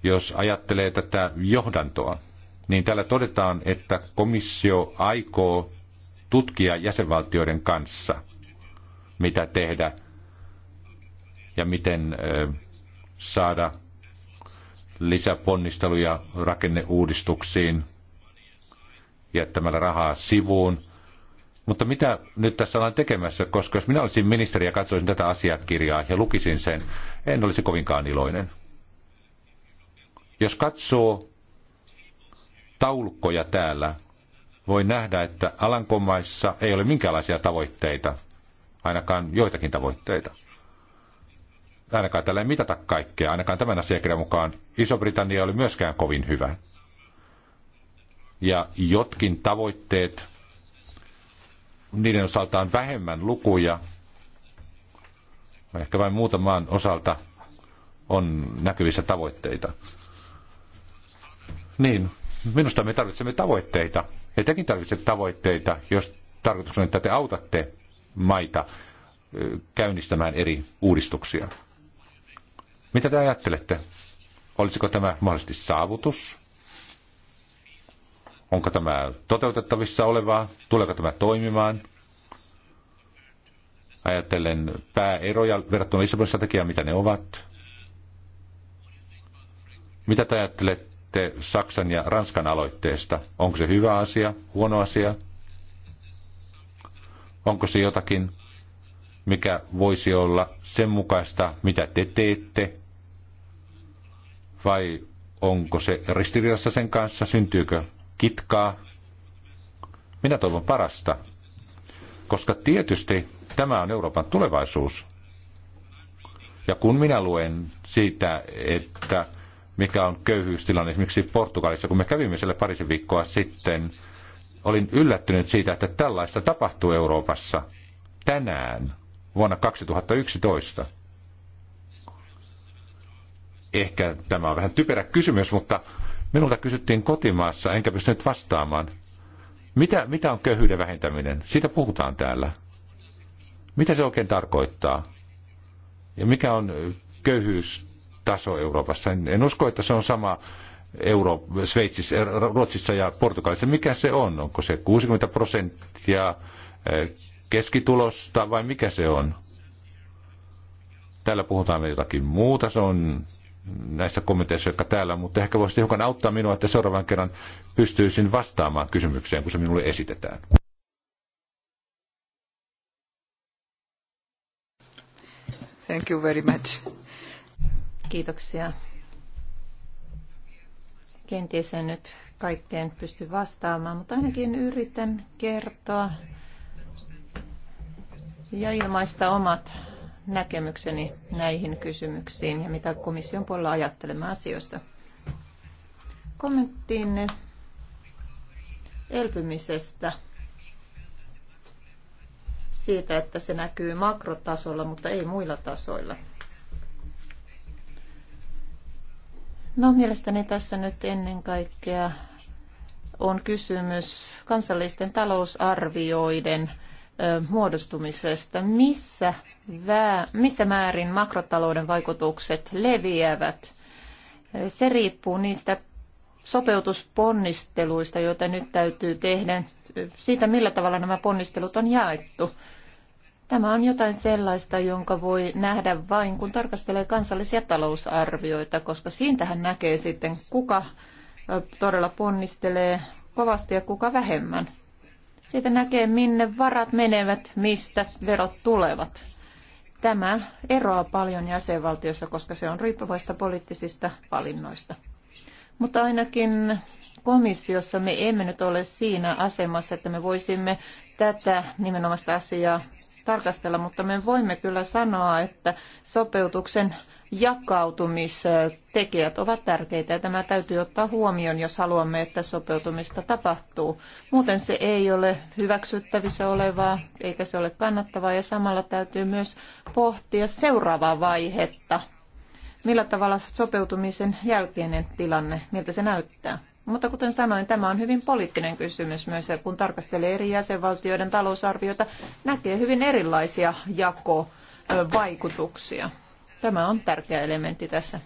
Jos ajattelee tätä johdantoa, niin täällä todetaan, että komissio aikoo tutkia jäsenvaltioiden kanssa, mitä tehdä ja miten saada lisäponnisteluja rakenneuudistuksiin jättämällä rahaa sivuun. Mutta mitä nyt tässä ollaan tekemässä, koska jos minä olisin ministeri ja katsoisin tätä asiakirjaa ja lukisin sen, en olisi kovinkaan iloinen. Jos katsoo taulukkoja täällä, voi nähdä, että Alankomaissa ei ole minkäänlaisia tavoitteita, ainakaan joitakin tavoitteita. Ainakaan tällä ei mitata kaikkea, ainakaan tämän asiakirjan mukaan Iso-Britannia oli myöskään kovin hyvä. Ja jotkin tavoitteet, niiden osalta on vähemmän lukuja, ehkä vain muutamaan osalta on näkyvissä tavoitteita. Niin, minusta me tarvitsemme tavoitteita. Ja tekin tarvitsette tavoitteita, jos tarkoitus on, että te autatte maita käynnistämään eri uudistuksia. Mitä te ajattelette? Olisiko tämä mahdollisesti saavutus? Onko tämä toteutettavissa olevaa? Tuleeko tämä toimimaan? Ajattelen pääeroja verrattuna Lissabonin strategiaan, mitä ne ovat. Mitä te ajattelette? Te Saksan ja Ranskan aloitteesta. Onko se hyvä asia, huono asia? Onko se jotakin, mikä voisi olla sen mukaista, mitä te teette? Vai onko se ristiriidassa sen kanssa? Syntyykö kitkaa? Minä toivon parasta, koska tietysti tämä on Euroopan tulevaisuus. Ja kun minä luen siitä, että mikä on köyhyystilanne esimerkiksi Portugalissa. Kun me kävimme siellä parisen viikkoa sitten, olin yllättynyt siitä, että tällaista tapahtuu Euroopassa tänään vuonna 2011. Ehkä tämä on vähän typerä kysymys, mutta minulta kysyttiin kotimaassa, enkä pystynyt vastaamaan. Mitä, mitä on köyhyyden vähentäminen? Siitä puhutaan täällä. Mitä se oikein tarkoittaa? Ja mikä on köyhyys taso Euroopassa. En, en usko, että se on sama euro Sveitsissä, er, Ruotsissa ja Portugalissa. Mikä se on? Onko se 60 prosenttia eh, keskitulosta vai mikä se on? Täällä puhutaan jotakin muuta. Se on näissä kommenteissa, jotka täällä, mutta ehkä voisit hiukan auttaa minua, että seuraavan kerran pystyisin vastaamaan kysymykseen, kun se minulle esitetään. Thank you very much. Kiitoksia. Kenties en nyt kaikkeen pysty vastaamaan, mutta ainakin yritän kertoa ja ilmaista omat näkemykseni näihin kysymyksiin ja mitä komission puolella ajattelemme asioista. Kommenttiinne elpymisestä siitä, että se näkyy makrotasolla, mutta ei muilla tasoilla. No mielestäni tässä nyt ennen kaikkea on kysymys kansallisten talousarvioiden muodostumisesta. Missä, vää, missä määrin makrotalouden vaikutukset leviävät? Se riippuu niistä sopeutusponnisteluista, joita nyt täytyy tehdä, siitä millä tavalla nämä ponnistelut on jaettu. Tämä on jotain sellaista, jonka voi nähdä vain, kun tarkastelee kansallisia talousarvioita, koska siintähän näkee sitten, kuka todella ponnistelee kovasti ja kuka vähemmän. Siitä näkee, minne varat menevät, mistä verot tulevat. Tämä eroaa paljon jäsenvaltiossa, koska se on riippuvaista poliittisista valinnoista. Mutta ainakin komissiossa me emme nyt ole siinä asemassa, että me voisimme tätä nimenomaista asiaa tarkastella, mutta me voimme kyllä sanoa, että sopeutuksen jakautumistekijät ovat tärkeitä ja tämä täytyy ottaa huomioon, jos haluamme, että sopeutumista tapahtuu. Muuten se ei ole hyväksyttävissä olevaa eikä se ole kannattavaa ja samalla täytyy myös pohtia seuraavaa vaihetta millä tavalla sopeutumisen jälkeinen tilanne, miltä se näyttää. Mutta kuten sanoin, tämä on hyvin poliittinen kysymys myös, kun tarkastelee eri jäsenvaltioiden talousarviota, näkee hyvin erilaisia jakovaikutuksia. Tämä on tärkeä elementti tässä.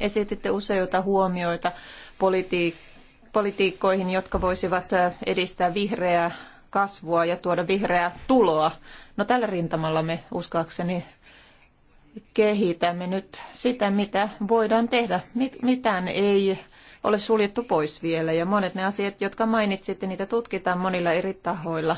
Esititte useita huomioita politiikkaan politiikkoihin, jotka voisivat edistää vihreää kasvua ja tuoda vihreää tuloa. No tällä rintamalla me uskoakseni kehitämme nyt sitä, mitä voidaan tehdä. Mit, mitään ei ole suljettu pois vielä ja monet ne asiat, jotka mainitsitte, niitä tutkitaan monilla eri tahoilla.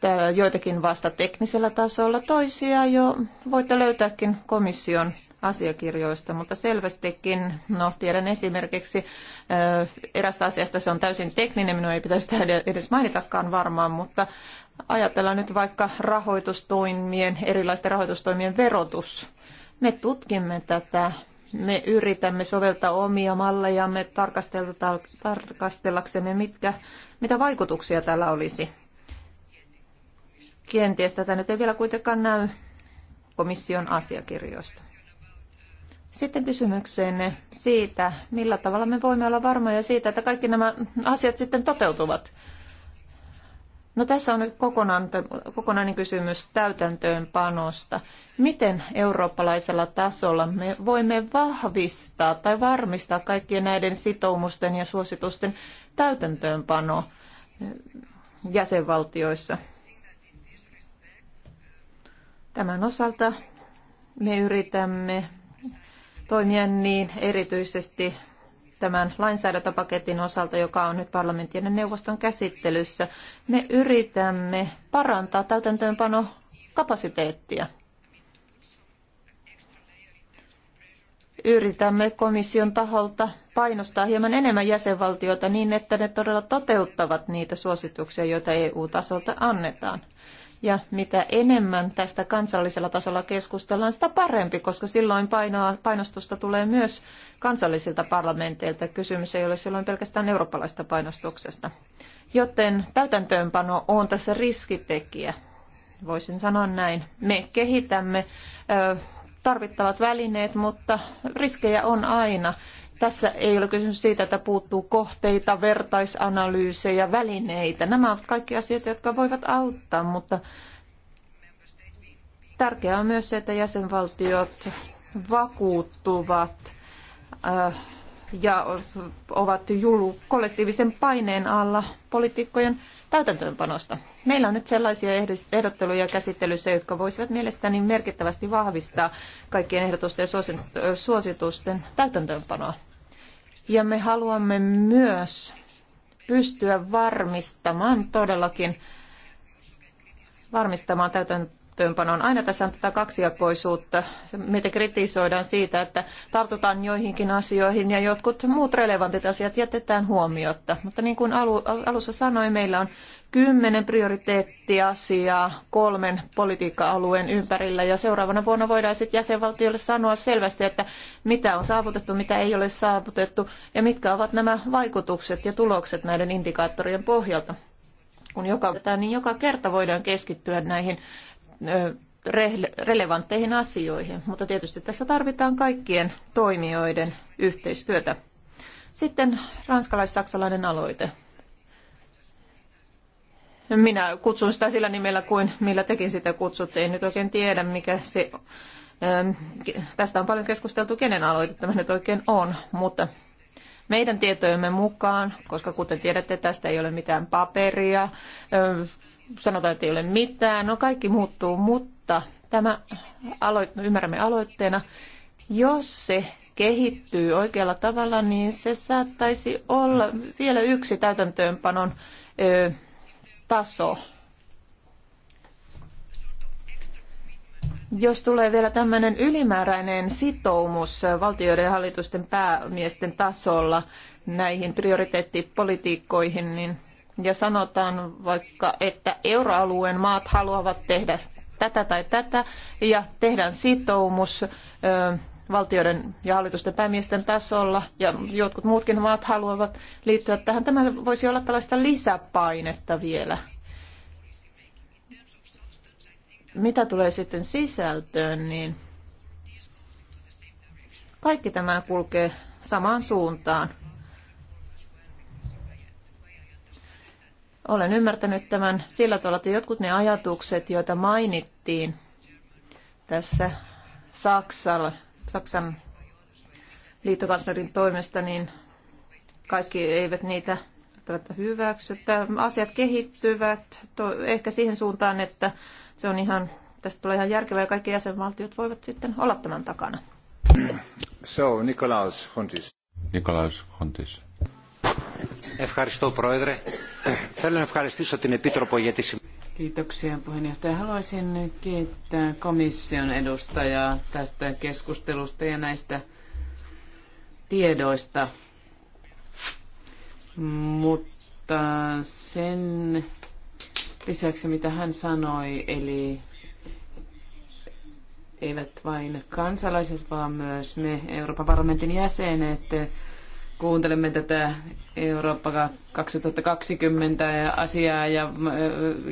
Täällä joitakin vasta teknisellä tasolla, toisia jo voitte löytääkin komission asiakirjoista, mutta selvästikin, no tiedän esimerkiksi äh, erästä asiasta, se on täysin tekninen, minun ei pitäisi sitä edes mainitakaan varmaan, mutta Ajatellaan nyt vaikka rahoitustoimien, erilaisten rahoitustoimien verotus. Me tutkimme tätä, me yritämme soveltaa omia mallejamme tarkastellaksemme, mitkä, mitä vaikutuksia tällä olisi. Kenties tätä nyt ei vielä kuitenkaan näy komission asiakirjoista. Sitten kysymykseen siitä, millä tavalla me voimme olla varmoja siitä, että kaikki nämä asiat sitten toteutuvat. No tässä on nyt kokonainen kysymys täytäntöönpanosta. Miten eurooppalaisella tasolla me voimme vahvistaa tai varmistaa kaikkien näiden sitoumusten ja suositusten täytäntöönpano jäsenvaltioissa? Tämän osalta me yritämme toimia niin erityisesti tämän lainsäädäntöpaketin osalta, joka on nyt parlamentin ja neuvoston käsittelyssä, me yritämme parantaa täytäntöönpano kapasiteettia. Yritämme komission taholta painostaa hieman enemmän jäsenvaltioita niin, että ne todella toteuttavat niitä suosituksia, joita EU-tasolta annetaan. Ja mitä enemmän tästä kansallisella tasolla keskustellaan, sitä parempi, koska silloin painoa, painostusta tulee myös kansallisilta parlamenteilta. Kysymys ei ole silloin pelkästään eurooppalaista painostuksesta. Joten täytäntöönpano on tässä riskitekijä. Voisin sanoa näin. Me kehitämme tarvittavat välineet, mutta riskejä on aina. Tässä ei ole kysymys siitä, että puuttuu kohteita, vertaisanalyysejä, välineitä. Nämä ovat kaikki asioita, jotka voivat auttaa, mutta tärkeää on myös se, että jäsenvaltiot vakuuttuvat äh, ja ovat julu kollektiivisen paineen alla poliitikkojen täytäntöönpanosta. Meillä on nyt sellaisia ehdotteluja käsittelyssä, jotka voisivat mielestäni merkittävästi vahvistaa kaikkien ehdotusten ja suositusten täytäntöönpanoa. Ja me haluamme myös pystyä varmistamaan todellakin varmistamaan täytäntöön on Aina tässä on tätä kaksijakoisuutta. Meitä kritisoidaan siitä, että tartutaan joihinkin asioihin ja jotkut muut relevantit asiat jätetään huomiotta. Mutta niin kuin alussa sanoin, meillä on kymmenen prioriteettiasiaa kolmen politiikka-alueen ympärillä ja seuraavana vuonna voidaan sitten jäsenvaltioille sanoa selvästi, että mitä on saavutettu, mitä ei ole saavutettu ja mitkä ovat nämä vaikutukset ja tulokset näiden indikaattorien pohjalta kun joka, niin joka kerta voidaan keskittyä näihin relevantteihin asioihin, mutta tietysti tässä tarvitaan kaikkien toimijoiden yhteistyötä. Sitten ranskalais-saksalainen aloite. Minä kutsun sitä sillä nimellä kuin millä tekin sitä kutsutte. En nyt oikein tiedä, mikä se... Tästä on paljon keskusteltu, kenen aloite tämä nyt oikein on, mutta meidän tietojemme mukaan, koska kuten tiedätte, tästä ei ole mitään paperia, sanotaan, että ei ole mitään. No kaikki muuttuu, mutta tämä aloit- ymmärrämme aloitteena. Jos se kehittyy oikealla tavalla, niin se saattaisi olla vielä yksi täytäntöönpanon ö, taso. Jos tulee vielä tämmöinen ylimääräinen sitoumus valtioiden ja hallitusten päämiesten tasolla näihin prioriteettipolitiikkoihin, niin ja sanotaan vaikka, että euroalueen maat haluavat tehdä tätä tai tätä ja tehdään sitoumus valtioiden ja hallitusten päämiesten tasolla ja jotkut muutkin maat haluavat liittyä tähän. Tämä voisi olla tällaista lisäpainetta vielä. Mitä tulee sitten sisältöön, niin kaikki tämä kulkee samaan suuntaan. Olen ymmärtänyt tämän sillä tavalla, että jotkut ne ajatukset, joita mainittiin tässä Saksalla, Saksan liittokanslerin toimesta, niin kaikki eivät niitä hyväksy. Että asiat kehittyvät to, ehkä siihen suuntaan, että se on ihan, tästä tulee ihan järkevää ja kaikki jäsenvaltiot voivat sitten olla tämän takana. So, Nikolaus Hontis. Nikolaus Hontis. Ευχαριστώ, Πρόεδρε. Θέλω να ευχαριστήσω την Επίτροπο για τη puheenjohtaja. Haluaisin kiittää komission edustajaa tästä keskustelusta ja näistä tiedoista. Mutta sen lisäksi, mitä hän sanoi, eli eivät vain kansalaiset, vaan myös me Euroopan parlamentin jäsenet kuuntelemme tätä Eurooppa 2020 ja asiaa ja,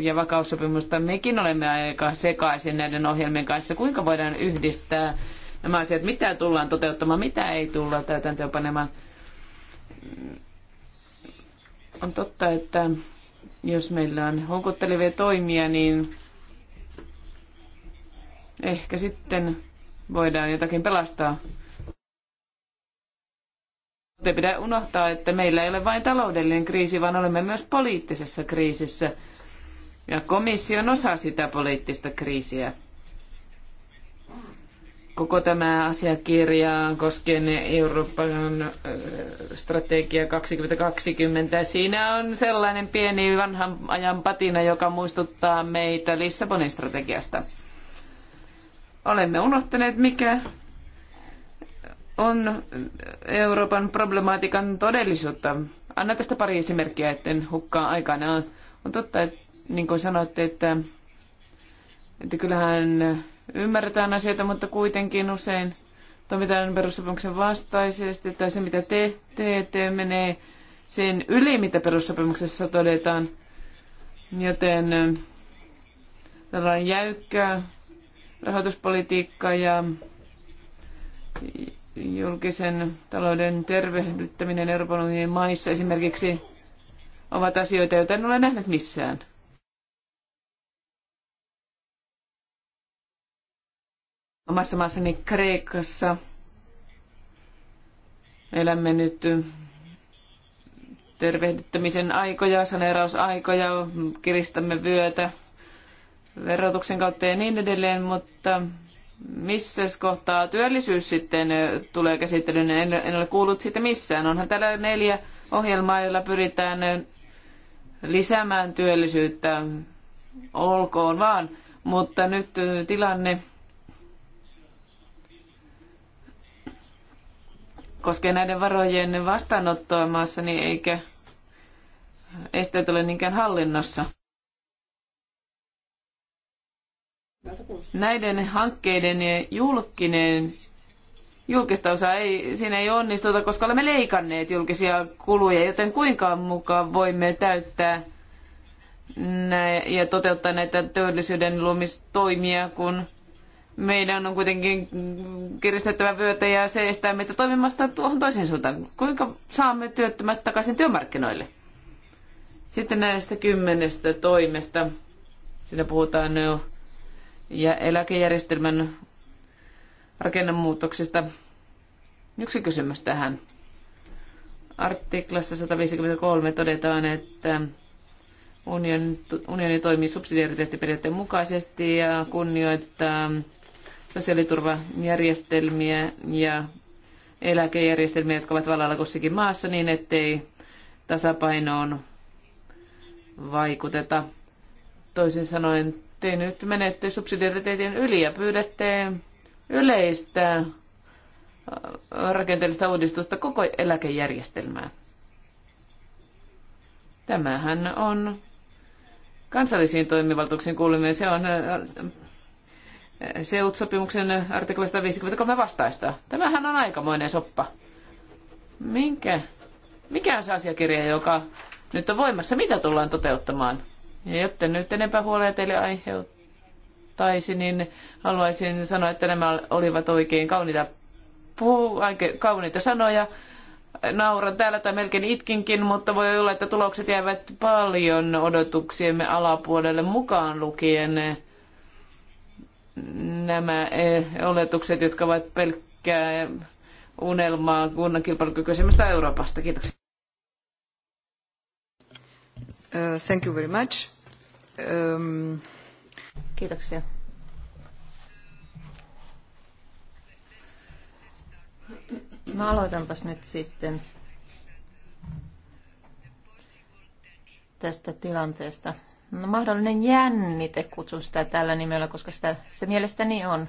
ja vakaussopimusta, mekin olemme aika sekaisin näiden ohjelmien kanssa. Kuinka voidaan yhdistää nämä asiat? Mitä tullaan toteuttamaan, mitä ei tulla täytäntöönpanemaan? On totta, että jos meillä on houkuttelevia toimia, niin ehkä sitten voidaan jotakin pelastaa. Ei pidä unohtaa, että meillä ei ole vain taloudellinen kriisi, vaan olemme myös poliittisessa kriisissä. Ja komissio on osa sitä poliittista kriisiä. Koko tämä asiakirja koskien Euroopan strategia 2020. Siinä on sellainen pieni vanhan ajan patina, joka muistuttaa meitä Lissabonin strategiasta. Olemme unohtaneet, mikä on Euroopan problematiikan todellisuutta. Anna tästä pari esimerkkiä, etten hukkaa aikanaan. On totta, että niin kuin sanoitte, että, että kyllähän ymmärretään asioita, mutta kuitenkin usein toimitaan perussopimuksen vastaisesti, että se mitä te teette menee sen yli, mitä perussopimuksessa todetaan. Joten eh, tällainen jäykkä rahoituspolitiikka ja julkisen talouden tervehdyttäminen Euroopan unionin maissa esimerkiksi ovat asioita, joita en ole nähnyt missään. Omassa maassani Kreikassa elämme nyt tervehdyttämisen aikoja, saneerausaikoja, kiristämme vyötä verotuksen kautta ja niin edelleen, mutta missä kohtaa työllisyys sitten tulee käsittelyyn, en, en ole kuullut siitä missään. Onhan täällä neljä ohjelmaa, joilla pyritään lisäämään työllisyyttä, olkoon vaan. Mutta nyt tilanne koskee näiden varojen vastaanottoa maassa, niin eikä esteet ole niinkään hallinnossa. Näiden hankkeiden julkinen julkista osaa ei, siinä ei onnistuta, koska olemme leikanneet julkisia kuluja, joten kuinka mukaan voimme täyttää näin, ja toteuttaa näitä työllisyyden luomistoimia, kun meidän on kuitenkin kiristettävä vyötä ja se estää meitä toimimasta tuohon toiseen suuntaan. Kuinka saamme työttömät takaisin työmarkkinoille? Sitten näistä kymmenestä toimesta. Siinä puhutaan jo ja eläkejärjestelmän rakennemuutoksista. Yksi kysymys tähän. Artiklassa 153 todetaan, että unioni, unioni toimii subsidiariteettiperiaatteen mukaisesti ja kunnioittaa sosiaaliturvajärjestelmiä ja eläkejärjestelmiä, jotka ovat vallalla kussakin maassa niin, ettei tasapainoon vaikuteta. Toisin sanoen te nyt menette subsidiariteetin yli ja pyydätte yleistä äh, rakenteellista uudistusta koko eläkejärjestelmää. Tämähän on kansallisiin toimivaltuuksiin kuuluminen. Se on äh, SEUT-sopimuksen artikla 153 vastaista. Tämähän on aikamoinen soppa. Minkä? Mikä on se asiakirja, joka nyt on voimassa? Mitä tullaan toteuttamaan? Ja jotta nyt enempää huolea teille aiheuttaisi, niin haluaisin sanoa, että nämä olivat oikein kauniita, puhu, kauniita sanoja. Nauran täällä tai melkein itkinkin, mutta voi olla, että tulokset jäävät paljon odotuksiemme alapuolelle mukaan lukien nämä eh, oletukset, jotka ovat pelkkää unelmaa kunnan kilpailukykyisemmästä Euroopasta. Kiitoksia. Uh, thank you um, aloitanpas nyt sitten tästä tilanteesta. No, mahdollinen jännite kutsun sitä tällä nimellä, koska sitä, se mielestäni on.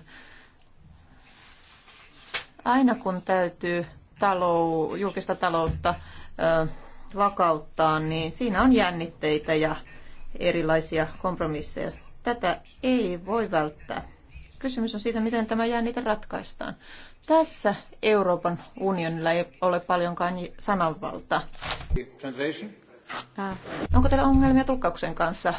Aina kun täytyy talou, julkista taloutta ö, vakauttaa, niin siinä on jännitteitä ja erilaisia kompromisseja. Tätä ei voi välttää. Kysymys on siitä, miten tämä jännite ratkaistaan. Tässä Euroopan unionilla ei ole paljonkaan sananvalta. Ah. Onko teillä ongelmia tulkkauksen kanssa?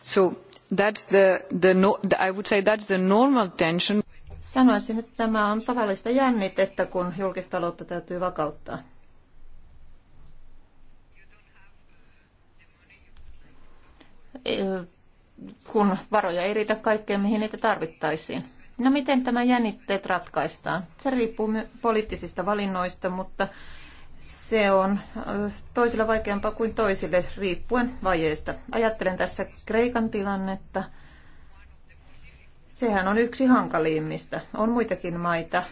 So that's the, the, no, I would say that's the normal tension. Sanoisin, että tämä on tavallista jännitettä, kun julkistaloutta täytyy vakauttaa. E, kun varoja ei riitä kaikkeen, mihin niitä tarvittaisiin. No miten tämä jännitteet ratkaistaan? Se riippuu poliittisista valinnoista, mutta se on toisilla vaikeampaa kuin toisille riippuen vajeesta. Ajattelen tässä Kreikan tilannetta – Sehän on yksi hankalimmista. On muitakin maita,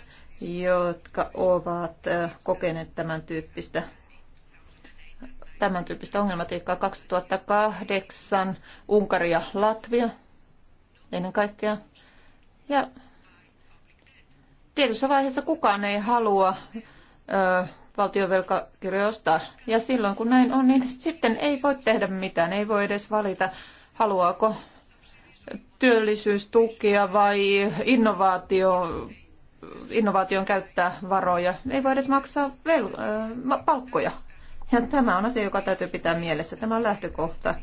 jotka ovat kokeneet tämän tyyppistä tämän tyyppistä ongelmatiikkaa 2008, Unkari ja Latvia ennen kaikkea. Ja tietyssä vaiheessa kukaan ei halua ö, valtionvelkakirjoja ostaa. Ja silloin kun näin on, niin sitten ei voi tehdä mitään, ei voi edes valita, haluaako työllisyystukia vai innovaatio, innovaation käyttää varoja. Ei voi edes maksaa vel- palkkoja. Ja tämä on asia, joka täytyy pitää mielessä. Tämä on lähtökohta.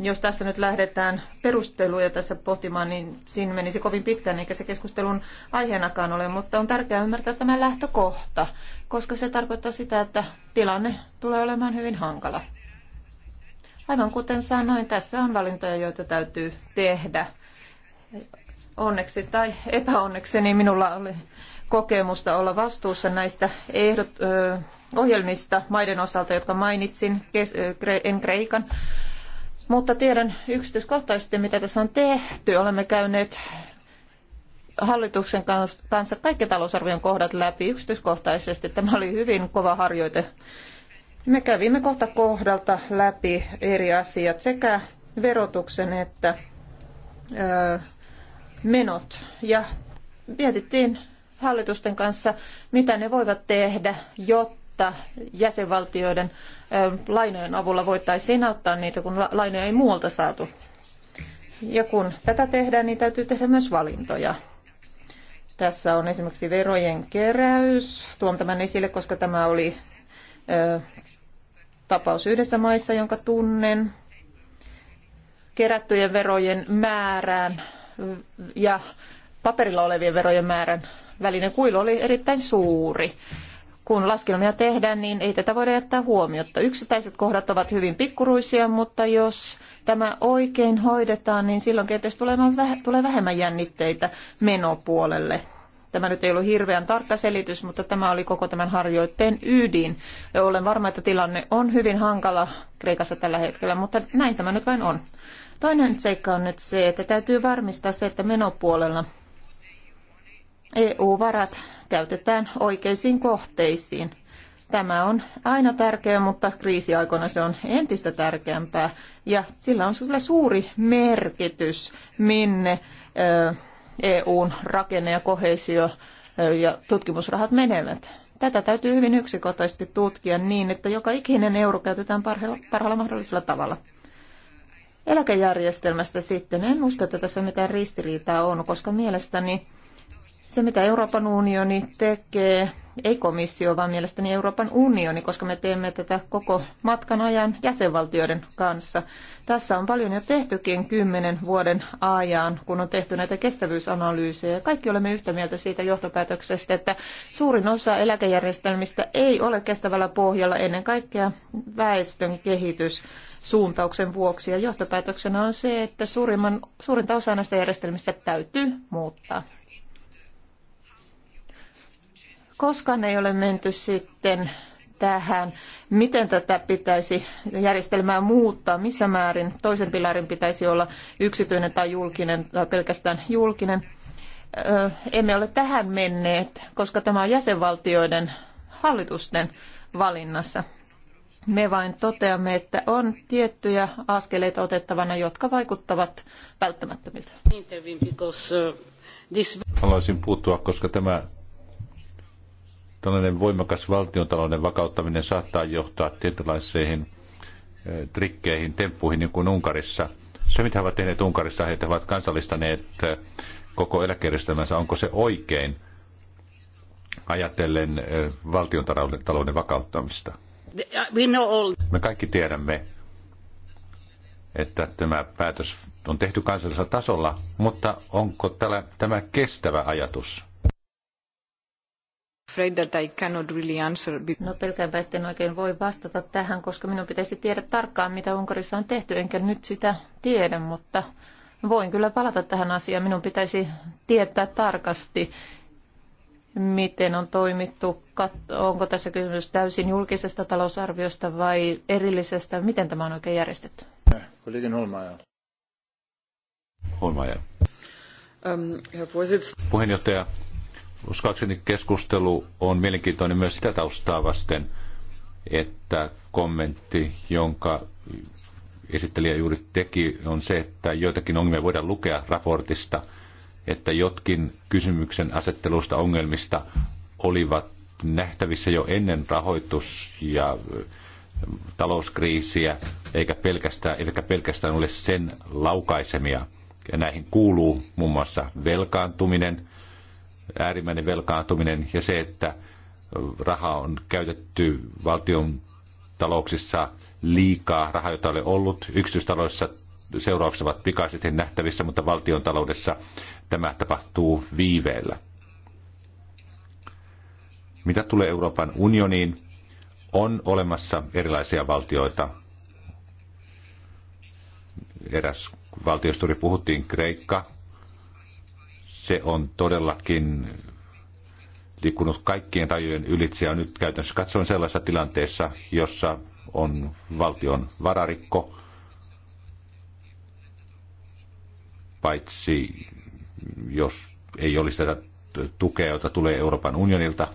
Jos tässä nyt lähdetään perusteluja tässä pohtimaan, niin siinä menisi kovin pitkään, eikä se keskustelun aiheenakaan ole, mutta on tärkeää ymmärtää tämä lähtökohta, koska se tarkoittaa sitä, että tilanne tulee olemaan hyvin hankala. Aivan kuten sanoin, tässä on valintoja, joita täytyy tehdä. Onneksi tai epäonneksi, niin minulla oli kokemusta olla vastuussa näistä ehdot, ö, ohjelmista maiden osalta, jotka mainitsin, kes, ö, en Kreikan. Mutta tiedän yksityiskohtaisesti, mitä tässä on tehty. Olemme käyneet hallituksen kanssa kaikki talousarvion kohdat läpi yksityiskohtaisesti. Tämä oli hyvin kova harjoite me kävimme kohta kohdalta läpi eri asiat, sekä verotuksen että ö, menot. Ja mietittiin hallitusten kanssa, mitä ne voivat tehdä, jotta jäsenvaltioiden ö, lainojen avulla voitaisiin auttaa niitä, kun la- lainoja ei muualta saatu. Ja kun tätä tehdään, niin täytyy tehdä myös valintoja. Tässä on esimerkiksi verojen keräys. Tuon tämän esille, koska tämä oli tapaus yhdessä maissa, jonka tunnen. Kerättyjen verojen määrän ja paperilla olevien verojen määrän välinen kuilu oli erittäin suuri. Kun laskelmia tehdään, niin ei tätä voida jättää huomiota. Yksittäiset kohdat ovat hyvin pikkuruisia, mutta jos tämä oikein hoidetaan, niin silloin kenties tulee vähemmän jännitteitä menopuolelle. Tämä nyt ei ollut hirveän tarkka selitys, mutta tämä oli koko tämän harjoitteen ydin. Ja olen varma, että tilanne on hyvin hankala Kreikassa tällä hetkellä, mutta näin tämä nyt vain on. Toinen seikka on nyt se, että täytyy varmistaa se, että menopuolella EU-varat käytetään oikeisiin kohteisiin. Tämä on aina tärkeää, mutta kriisiaikoina se on entistä tärkeämpää. Ja sillä on suuri merkitys, minne ö, EUn rakenne ja kohesio ja tutkimusrahat menevät. Tätä täytyy hyvin yksikotaisesti tutkia niin, että joka ikinen euro käytetään parhaalla, parhaalla mahdollisella tavalla. Eläkejärjestelmästä sitten en usko, että tässä mitään ristiriitaa on, koska mielestäni se, mitä Euroopan unioni tekee ei komissio, vaan mielestäni Euroopan unioni, koska me teemme tätä koko matkan ajan jäsenvaltioiden kanssa. Tässä on paljon jo tehtykin kymmenen vuoden ajan, kun on tehty näitä kestävyysanalyysejä. Kaikki olemme yhtä mieltä siitä johtopäätöksestä, että suurin osa eläkejärjestelmistä ei ole kestävällä pohjalla ennen kaikkea väestön kehitys suuntauksen vuoksi. Ja johtopäätöksenä on se, että suurimman, suurinta osaa näistä järjestelmistä täytyy muuttaa. Koskaan ei ole menty sitten tähän, miten tätä pitäisi järjestelmää muuttaa, missä määrin toisen pilarin pitäisi olla yksityinen tai julkinen tai pelkästään julkinen. Emme ole tähän menneet, koska tämä on jäsenvaltioiden hallitusten valinnassa. Me vain toteamme, että on tiettyjä askeleita otettavana, jotka vaikuttavat välttämättömiltä. Uh, Haluaisin puuttua, koska tämä tällainen voimakas valtiontalouden vakauttaminen saattaa johtaa tietynlaisiin eh, trikkeihin, temppuihin, niin kuin Unkarissa. Se, mitä he ovat tehneet Unkarissa, he ovat kansallistaneet eh, koko eläkejärjestelmänsä. Onko se oikein ajatellen eh, valtiontalouden vakauttamista? Me kaikki tiedämme, että tämä päätös on tehty kansallisella tasolla, mutta onko tällä, tämä kestävä ajatus? No pelkäänpä, etten oikein voi vastata tähän, koska minun pitäisi tiedä tarkkaan, mitä Unkarissa on tehty, enkä nyt sitä tiedä, mutta voin kyllä palata tähän asiaan. Minun pitäisi tietää tarkasti, miten on toimittu, onko tässä kysymys täysin julkisesta talousarviosta vai erillisestä, miten tämä on oikein järjestetty. Eh, kollegin Holmaaja. Holmaaja. Um, Puheenjohtaja, Uskoakseni keskustelu on mielenkiintoinen myös sitä taustaa vasten, että kommentti, jonka esittelijä juuri teki, on se, että joitakin ongelmia voidaan lukea raportista, että jotkin kysymyksen asettelusta ongelmista olivat nähtävissä jo ennen rahoitus- ja talouskriisiä, eikä pelkästään, eikä pelkästään ole sen laukaisemia. Ja näihin kuuluu muun muassa velkaantuminen, äärimmäinen velkaantuminen ja se, että raha on käytetty valtion talouksissa liikaa, rahaa jota ei ollut. Yksityistaloissa seuraukset ovat pikaisesti nähtävissä, mutta valtion taloudessa tämä tapahtuu viiveellä. Mitä tulee Euroopan unioniin, on olemassa erilaisia valtioita. Eräs valtiosturi puhuttiin Kreikka, se on todellakin liikkunut kaikkien rajojen ylitse ja nyt käytännössä katsoen sellaisessa tilanteessa, jossa on valtion vararikko, paitsi jos ei olisi tätä tukea, jota tulee Euroopan unionilta.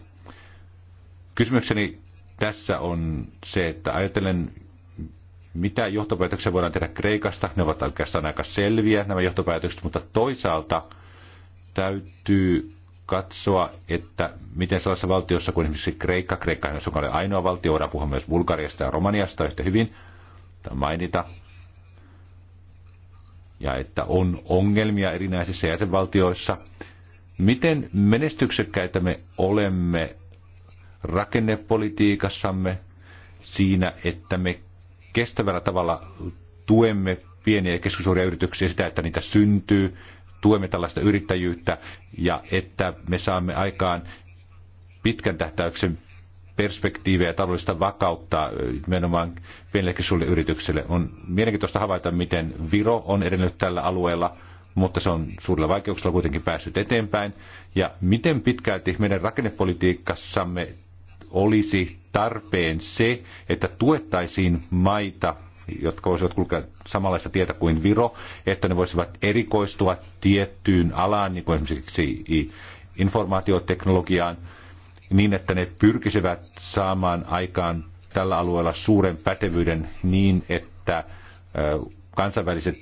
Kysymykseni tässä on se, että ajatellen, mitä johtopäätöksiä voidaan tehdä Kreikasta. Ne ovat oikeastaan aika selviä, nämä johtopäätökset, mutta toisaalta – täytyy katsoa, että miten sellaisessa valtiossa kuin esimerkiksi Kreikka, Kreikka on ole ainoa valtio, voidaan puhua myös Bulgariasta ja Romaniasta yhtä hyvin, tai mainita, ja että on ongelmia erinäisissä jäsenvaltioissa. Miten menestyksekkäitä me olemme rakennepolitiikassamme siinä, että me kestävällä tavalla tuemme pieniä ja keskisuuria yrityksiä sitä, että niitä syntyy, tuemme tällaista yrittäjyyttä ja että me saamme aikaan pitkän tähtäyksen perspektiivejä ja taloudellista vakautta nimenomaan pienille suurille yrityksille. On mielenkiintoista havaita, miten Viro on edennyt tällä alueella, mutta se on suurilla vaikeuksilla kuitenkin päässyt eteenpäin. Ja miten pitkälti meidän rakennepolitiikassamme olisi tarpeen se, että tuettaisiin maita jotka voisivat kulkea samanlaista tietä kuin Viro, että ne voisivat erikoistua tiettyyn alaan, niin kuin esimerkiksi informaatioteknologiaan, niin että ne pyrkisivät saamaan aikaan tällä alueella suuren pätevyyden niin, että kansainväliset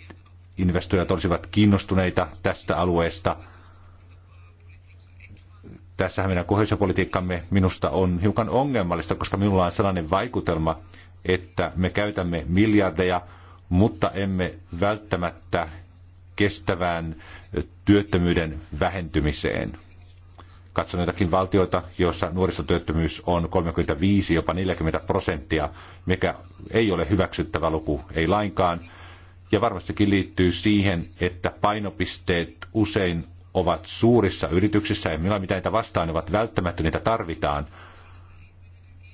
investoijat olisivat kiinnostuneita tästä alueesta. Tässähän meidän kohesiopolitiikkamme minusta on hiukan ongelmallista, koska minulla on sellainen vaikutelma, että me käytämme miljardeja, mutta emme välttämättä kestävään työttömyyden vähentymiseen. Katson jotakin valtioita, joissa nuorisotyöttömyys on 35, jopa 40 prosenttia, mikä ei ole hyväksyttävä luku, ei lainkaan. Ja varmastikin liittyy siihen, että painopisteet usein ovat suurissa yrityksissä, ja millä mitä niitä vastaan, ne ovat välttämättä, niitä tarvitaan,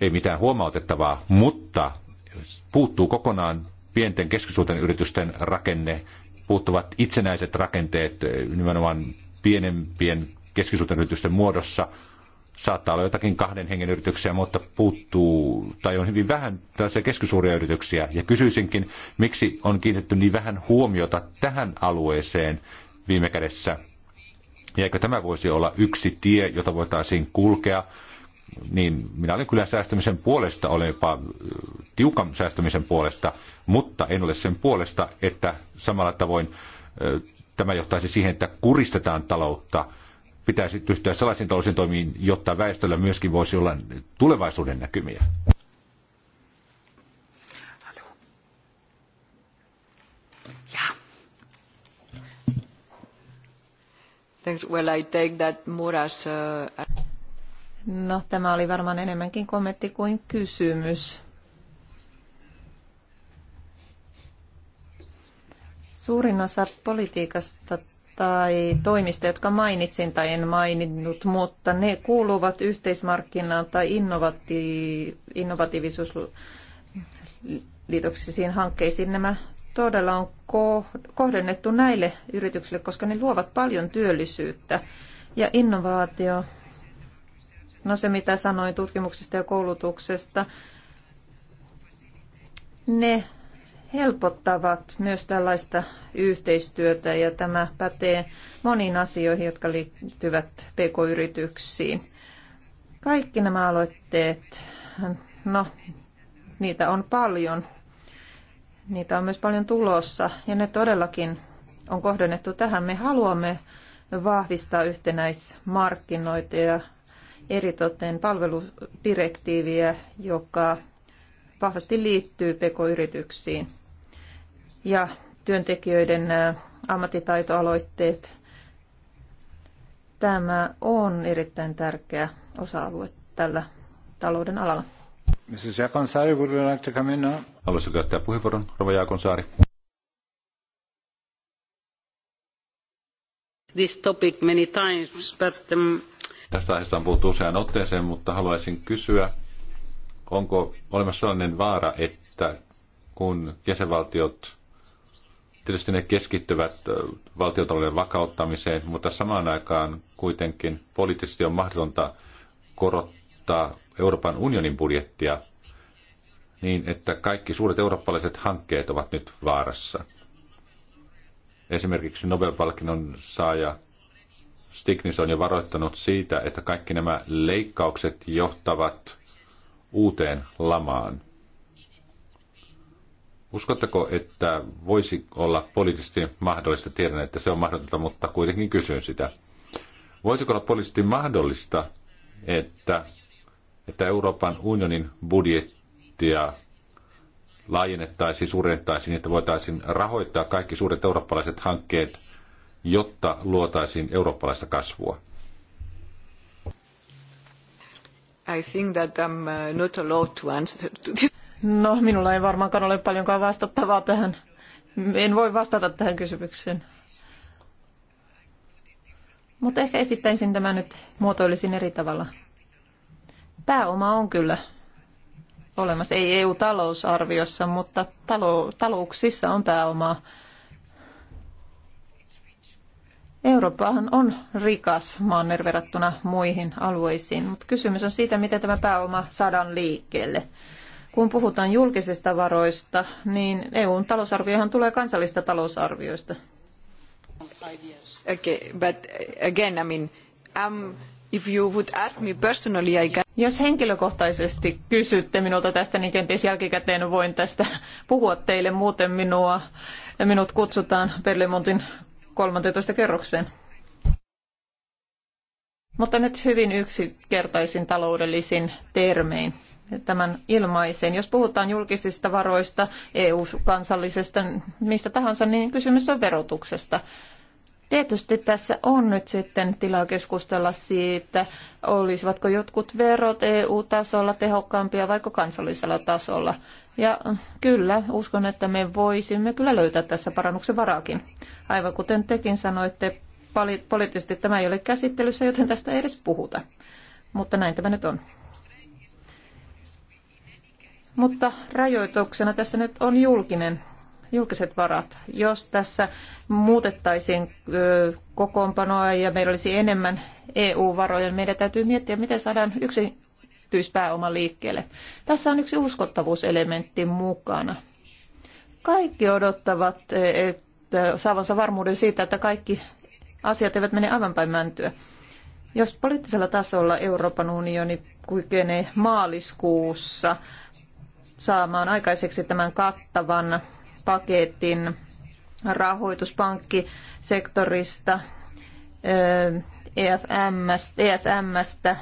ei mitään huomautettavaa, mutta puuttuu kokonaan pienten keskisuuten yritysten rakenne, puuttuvat itsenäiset rakenteet eh, nimenomaan pienempien keskisuuten yritysten muodossa. Saattaa olla jotakin kahden hengen yrityksiä, mutta puuttuu tai on hyvin vähän tällaisia keskisuuria yrityksiä. Ja kysyisinkin, miksi on kiinnitetty niin vähän huomiota tähän alueeseen viime kädessä. Ja eikö tämä voisi olla yksi tie, jota voitaisiin kulkea niin minä olen kyllä säästämisen puolesta, olen jopa tiukan säästämisen puolesta, mutta en ole sen puolesta, että samalla tavoin tämä johtaisi siihen, että kuristetaan taloutta. Pitäisi tyhtyä sellaisiin talousiin toimiin, jotta väestöllä myöskin voisi olla tulevaisuuden näkymiä. Well, I take that more as a... Uh, No, tämä oli varmaan enemmänkin kommentti kuin kysymys. Suurin osa politiikasta tai toimista, jotka mainitsin tai en maininnut, mutta ne kuuluvat yhteismarkkinaan tai innovati- innovatiivisuusliitoksisiin hankkeisiin. Nämä todella on kohdennettu näille yrityksille, koska ne luovat paljon työllisyyttä ja innovaatio No se, mitä sanoin tutkimuksesta ja koulutuksesta, ne helpottavat myös tällaista yhteistyötä ja tämä pätee moniin asioihin, jotka liittyvät pk-yrityksiin. Kaikki nämä aloitteet, no niitä on paljon. Niitä on myös paljon tulossa ja ne todellakin on kohdennettu tähän. Me haluamme vahvistaa yhtenäismarkkinoita ja eritoten palveludirektiiviä, joka vahvasti liittyy pekoyrityksiin. yrityksiin Ja työntekijöiden ammattitaitoaloitteet. Tämä on erittäin tärkeä osa-alue tällä talouden alalla. Haluaisitko käyttää puheenvuoron, Rova Jaakonsaari? This topic many times, but um, Tästä aiheesta on puhuttu usean otteeseen, mutta haluaisin kysyä, onko olemassa sellainen vaara, että kun jäsenvaltiot, tietysti ne keskittyvät valtiotalouden vakauttamiseen, mutta samaan aikaan kuitenkin poliittisesti on mahdotonta korottaa Euroopan unionin budjettia niin, että kaikki suuret eurooppalaiset hankkeet ovat nyt vaarassa. Esimerkiksi Nobel-palkinnon saaja Stignis on jo varoittanut siitä, että kaikki nämä leikkaukset johtavat uuteen lamaan. Uskotteko, että voisi olla poliittisesti mahdollista? Tiedän, että se on mahdotonta, mutta kuitenkin kysyn sitä. Voisiko olla poliittisesti mahdollista, että, että Euroopan unionin budjettia laajennettaisiin, suurentaisiin, että voitaisiin rahoittaa kaikki suuret eurooppalaiset hankkeet jotta luotaisiin eurooppalaista kasvua? I think that I'm uh, not allowed to answer to this. No, minulla ei varmaankaan ole paljonkaan vastattavaa tähän. En voi vastata tähän kysymykseen. Mutta ehkä esittäisin tämän nyt, muotoilisin eri tavalla. Pääoma on kyllä olemassa, ei EU-talousarviossa, mutta talou- talouksissa on pääomaa. Eurooppahan on rikas manner verrattuna muihin alueisiin, mutta kysymys on siitä, miten tämä pääoma saadaan liikkeelle. Kun puhutaan julkisista varoista, niin EUn talousarviohan tulee kansallista talousarvioista. Okay, but again, I mean, um, if you would ask me personally, I can... Jos henkilökohtaisesti kysytte minulta tästä, niin kenties jälkikäteen voin tästä <laughs> puhua teille. Muuten minua, minut kutsutaan Berlemontin 13 kerrokseen. Mutta nyt hyvin yksinkertaisin taloudellisin termein tämän ilmaisen. Jos puhutaan julkisista varoista, EU-kansallisesta, mistä tahansa, niin kysymys on verotuksesta. Tietysti tässä on nyt sitten tilaa keskustella siitä, olisivatko jotkut verot EU-tasolla tehokkaampia vai kansallisella tasolla. Ja kyllä, uskon, että me voisimme kyllä löytää tässä parannuksen varaakin. Aivan kuten tekin sanoitte, poli- poliittisesti tämä ei ole käsittelyssä, joten tästä ei edes puhuta. Mutta näin tämä nyt on. Mutta rajoituksena tässä nyt on julkinen julkiset varat. Jos tässä muutettaisiin kokoonpanoa ja meillä olisi enemmän EU-varoja, niin meidän täytyy miettiä, miten saadaan yksityispääoma liikkeelle. Tässä on yksi uskottavuuselementti mukana. Kaikki odottavat että saavansa varmuuden siitä, että kaikki asiat eivät mene aivan päin mäntyä. Jos poliittisella tasolla Euroopan unioni kykenee maaliskuussa saamaan aikaiseksi tämän kattavan kokonaispaketin rahoituspankkisektorista, ESMstä e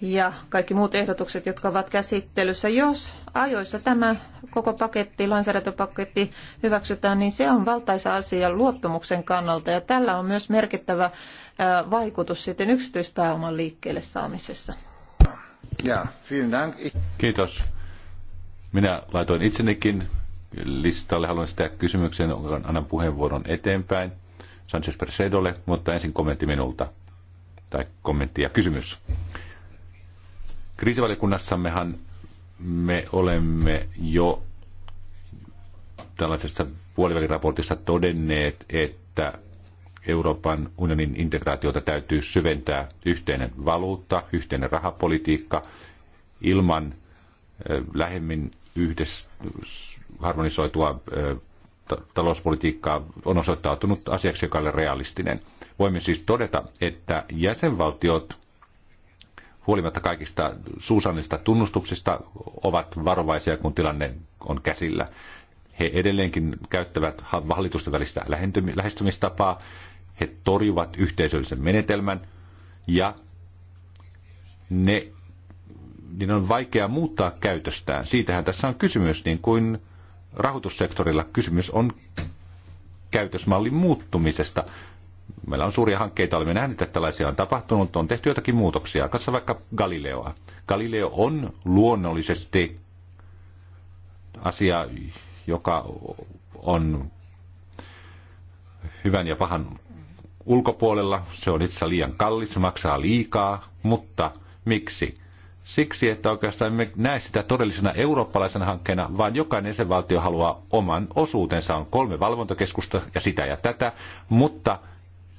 ja kaikki muut ehdotukset, jotka ovat käsittelyssä. Jos ajoissa tämä koko paketti, lainsäädäntöpaketti hyväksytään, niin se on valtaisa asia luottamuksen kannalta ja tällä on myös merkittävä vaikutus sitten yksityispääoman liikkeelle saamisessa. Kiitos. Minä laitoin itsenikin listalle, haluan sitä kysymyksen, annan puheenvuoron eteenpäin Sanchez Persedolle, mutta ensin kommentti minulta. Tai kommentti ja kysymys. Kriisivalikunnassammehan me olemme jo tällaisessa puoliväliraportissa todenneet, että Euroopan unionin integraatiota täytyy syventää yhteinen valuutta, yhteinen rahapolitiikka ilman lähemmin yhdessä harmonisoitua talouspolitiikkaa on osoittautunut asiaksi, joka realistinen. Voimme siis todeta, että jäsenvaltiot huolimatta kaikista suusannista tunnustuksista ovat varovaisia, kun tilanne on käsillä. He edelleenkin käyttävät hallitusten välistä lähestymistapaa, he torjuvat yhteisöllisen menetelmän ja ne niin on vaikea muuttaa käytöstään. Siitähän tässä on kysymys, niin kuin rahoitussektorilla kysymys on käytösmallin muuttumisesta. Meillä on suuria hankkeita, olemme nähneet, että tällaisia on tapahtunut, on tehty jotakin muutoksia. Katso vaikka Galileoa. Galileo on luonnollisesti asia, joka on hyvän ja pahan ulkopuolella. Se on itse liian kallis, maksaa liikaa, mutta miksi? siksi, että oikeastaan me näe sitä todellisena eurooppalaisena hankkeena, vaan jokainen jäsenvaltio haluaa oman osuutensa. On kolme valvontakeskusta ja sitä ja tätä, mutta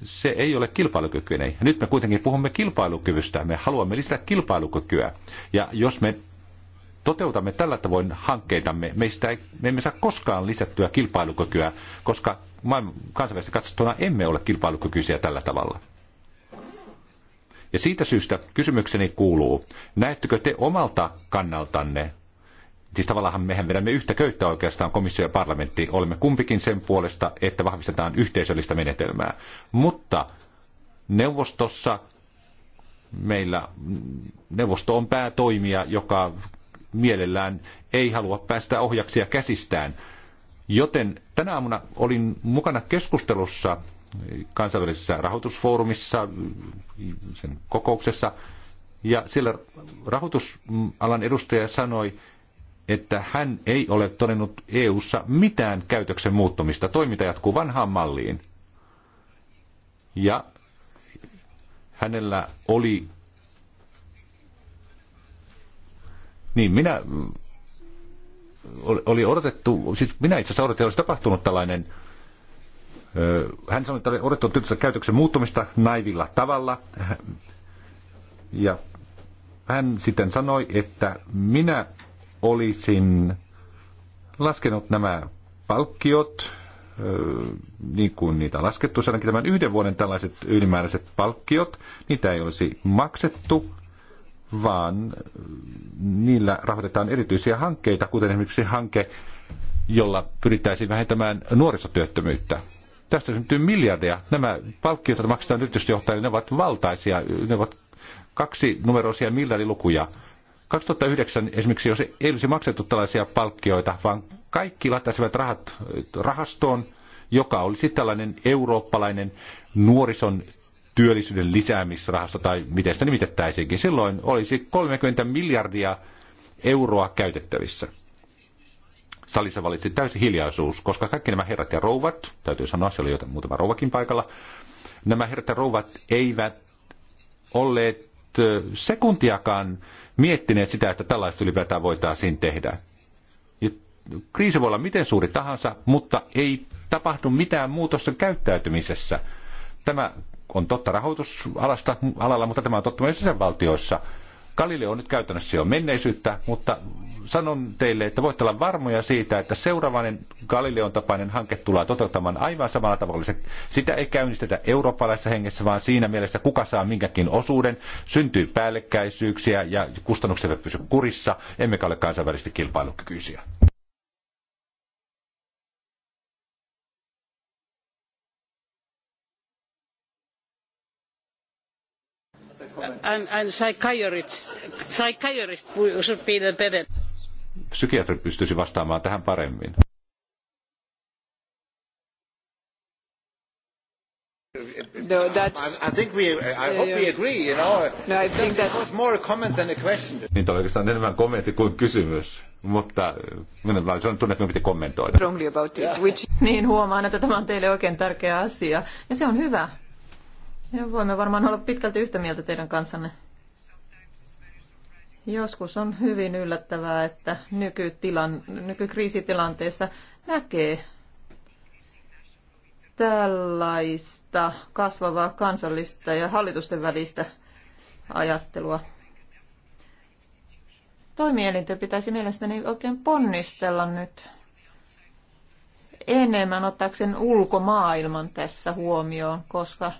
se ei ole kilpailukykyinen. Nyt me kuitenkin puhumme kilpailukyvystä. Me haluamme lisätä kilpailukykyä. Ja jos me toteutamme tällä tavoin hankkeitamme, meistä ei, me emme saa koskaan lisättyä kilpailukykyä, koska maailman kansainvälisesti katsottuna emme ole kilpailukykyisiä tällä tavalla. Ja siitä syystä kysymykseni kuuluu, näettekö te omalta kannaltanne, siis tavallaan mehän vedämme yhtä köyttä oikeastaan komissio ja parlamentti, olemme kumpikin sen puolesta, että vahvistetaan yhteisöllistä menetelmää. Mutta neuvostossa meillä neuvosto on päätoimija, joka mielellään ei halua päästä ohjaksia käsistään. Joten tänä aamuna olin mukana keskustelussa, kansainvälisessä rahoitusfoorumissa, sen kokouksessa, ja siellä rahoitusalan edustaja sanoi, että hän ei ole todennut EU:ssa mitään käytöksen muuttumista. Toiminta jatkuu vanhaan malliin. Ja hänellä oli... Niin, minä... Oli odotettu, siis minä itse asiassa odotin, että olisi tapahtunut tällainen hän sanoi, että oli odottanut tytöstä käytöksen muuttumista naivilla tavalla. Ja hän sitten sanoi, että minä olisin laskenut nämä palkkiot, niin kuin niitä on laskettu, siis ainakin tämän yhden vuoden tällaiset ylimääräiset palkkiot, niitä ei olisi maksettu, vaan niillä rahoitetaan erityisiä hankkeita, kuten esimerkiksi hanke, jolla pyrittäisiin vähentämään nuorisotyöttömyyttä. Tästä syntyy miljardeja. Nämä palkkiot, joita maksetaan yritysjohtajille, ne ovat valtaisia. Ne ovat kaksi numeroisia miljardilukuja. 2009 esimerkiksi, jos ei olisi maksettu tällaisia palkkioita, vaan kaikki laittaisivat rahat rahastoon, joka olisi tällainen eurooppalainen nuorison työllisyyden lisäämisrahasto tai miten sitä nimitettäisiinkin. Silloin olisi 30 miljardia euroa käytettävissä salissa valitsi täysi hiljaisuus, koska kaikki nämä herrat ja rouvat, täytyy sanoa, siellä oli jotain muutama rouvakin paikalla, nämä herrat ja rouvat eivät olleet sekuntiakaan miettineet sitä, että tällaista ylipäätään voitaisiin tehdä. Ja kriisi voi olla miten suuri tahansa, mutta ei tapahdu mitään muutosta käyttäytymisessä. Tämä on totta rahoitusalasta alalla, mutta tämä on totta myös sisävaltioissa. Galileo on nyt käytännössä jo menneisyyttä, mutta sanon teille, että voitte olla varmoja siitä, että seuraavainen Galileon tapainen hanke tulee toteuttamaan aivan samalla tavalla. Sitä ei käynnistetä eurooppalaisessa hengessä, vaan siinä mielessä, kuka saa minkäkin osuuden, syntyy päällekkäisyyksiä ja kustannukset eivät pysy kurissa, emmekä ole kansainvälisesti kilpailukykyisiä. and, and psychiatrists, should be the better. Psykiatrit pystyisi vastaamaan tähän paremmin. No, that's. I think we. I hope we agree. You know. No, I think that was more a comment than a question. Niin, oli oikeastaan enemmän kommentti kuin kysymys, mutta eh, minä minulla on tunne, että minun piti kommentoida. Strongly about it, which... Niin huomaan, että tämä on teille oikein tärkeä asia, ja se on hyvä. Ja voimme varmaan olla pitkälti yhtä mieltä teidän kanssanne. Joskus on hyvin yllättävää, että nykytilan, nykykriisitilanteessa näkee tällaista kasvavaa kansallista ja hallitusten välistä ajattelua. Toimielintö pitäisi mielestäni oikein ponnistella nyt enemmän ottaakseen ulkomaailman tässä huomioon, koska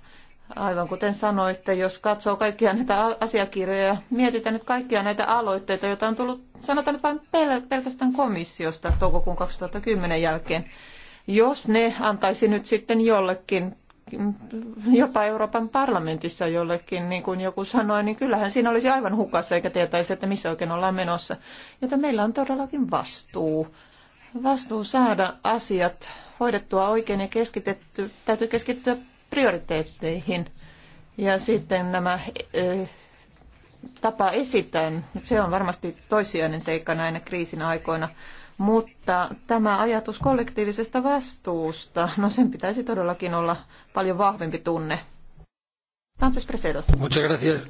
Aivan kuten sanoitte, jos katsoo kaikkia näitä asiakirjoja, mietitään nyt kaikkia näitä aloitteita, joita on tullut, sanotaan nyt vain pel- pelkästään komissiosta toukokuun 2010 jälkeen. Jos ne antaisi nyt sitten jollekin, jopa Euroopan parlamentissa jollekin, niin kuin joku sanoi, niin kyllähän siinä olisi aivan hukassa eikä tietäisi, että missä oikein ollaan menossa. Joten meillä on todellakin vastuu. Vastuu saada asiat hoidettua oikein ja keskitetty, täytyy keskittyä prioriteetteihin. Ja sitten nämä tapa esittää, se on varmasti toissijainen seikka näinä kriisin aikoina, mutta tämä ajatus kollektiivisesta vastuusta, no sen pitäisi todellakin olla paljon vahvempi tunne. Sánchez Presedo. Muchas gracias.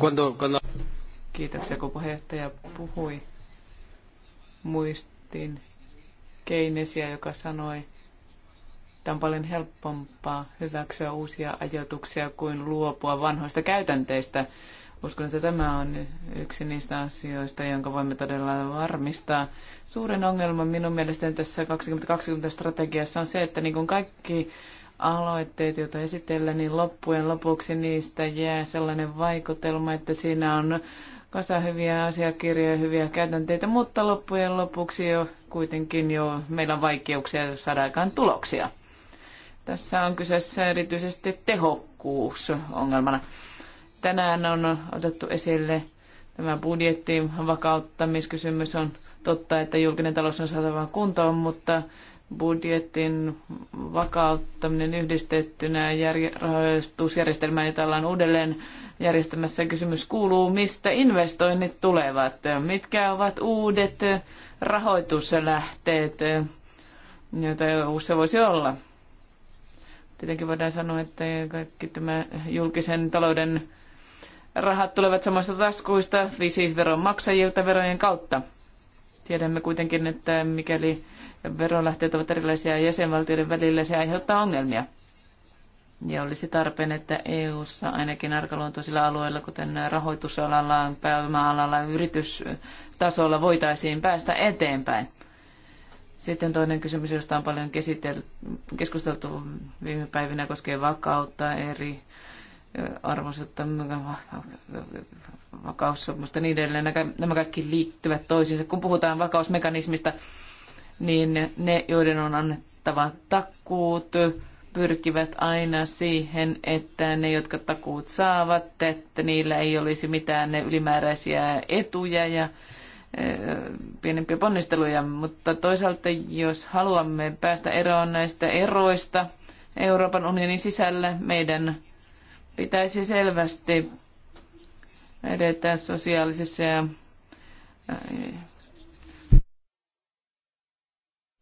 Cuando, cuando... Kiitoksia, kun puheenjohtaja puhui. Muistin Keinesiä, joka sanoi, Tämä on paljon helpompaa hyväksyä uusia ajatuksia kuin luopua vanhoista käytänteistä. Uskon, että tämä on yksi niistä asioista, jonka voimme todella varmistaa. Suurin ongelma minun mielestäni tässä 2020-strategiassa on se, että niin kuin kaikki aloitteet, joita esitellään, niin loppujen lopuksi niistä jää sellainen vaikutelma, että siinä on kasa hyviä asiakirjoja, hyviä käytänteitä, mutta loppujen lopuksi jo kuitenkin jo meillä on vaikeuksia saada aikaan tuloksia. Tässä on kyseessä erityisesti tehokkuus ongelmana. Tänään on otettu esille tämä budjettiin vakauttamiskysymys. On totta, että julkinen talous on saatava kuntoon, mutta budjetin vakauttaminen yhdistettynä rahoitusjärjestelmään, jota ollaan uudelleen järjestämässä. Kysymys kuuluu, mistä investoinnit tulevat? Mitkä ovat uudet rahoituslähteet, joita EU-ssa voisi olla? Tietenkin voidaan sanoa, että kaikki tämä julkisen talouden rahat tulevat samasta taskuista, siis veronmaksajilta verojen kautta. Tiedämme kuitenkin, että mikäli verolähteet ovat erilaisia jäsenvaltioiden välillä, se aiheuttaa ongelmia. Ja olisi tarpeen, että EU-ssa ainakin arkaluontoisilla alueilla, kuten rahoitusalalla, pääoma-alalla, yritystasolla voitaisiin päästä eteenpäin. Sitten toinen kysymys, josta on paljon keskusteltu viime päivinä, koskee vakautta eri arvoisuutta, vakaussopimusta ja niin edelleen. Nämä kaikki liittyvät toisiinsa. Kun puhutaan vakausmekanismista, niin ne, joiden on annettava takuut, pyrkivät aina siihen, että ne, jotka takuut saavat, että niillä ei olisi mitään ne ylimääräisiä etuja ja pienempiä ponnisteluja, mutta toisaalta jos haluamme päästä eroon näistä eroista Euroopan unionin sisällä, meidän pitäisi selvästi edetä sosiaalisessa ja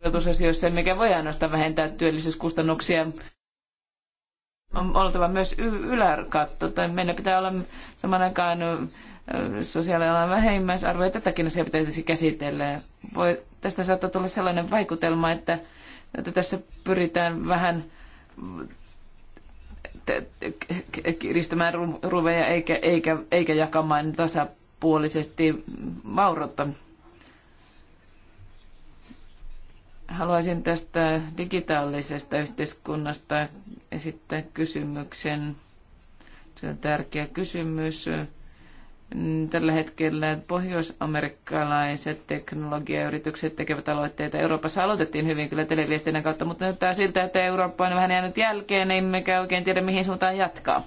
verotusasioissa, mikä voi ainoastaan vähentää työllisyyskustannuksia. On oltava myös yläkatto, tai meidän pitää olla saman aikaan sosiaalialan vähimmäisarvoja. Tätäkin asiaa pitäisi käsitellä. Voi, tästä saattaa tulla sellainen vaikutelma, että, että tässä pyritään vähän kiristämään ruveja eikä, eikä, eikä jakamaan tasapuolisesti vaurotta. Haluaisin tästä digitaalisesta yhteiskunnasta esittää kysymyksen. Se on tärkeä kysymys. Tällä hetkellä Pohjois-Amerikallain pohjois-amerikkalaiset teknologiayritykset tekevät aloitteita. Euroopassa aloitettiin hyvin kyllä televiestinnän kautta, mutta näyttää siltä, että Eurooppa on vähän jäänyt jälkeen, emmekä oikein tiedä mihin suuntaan jatkaa.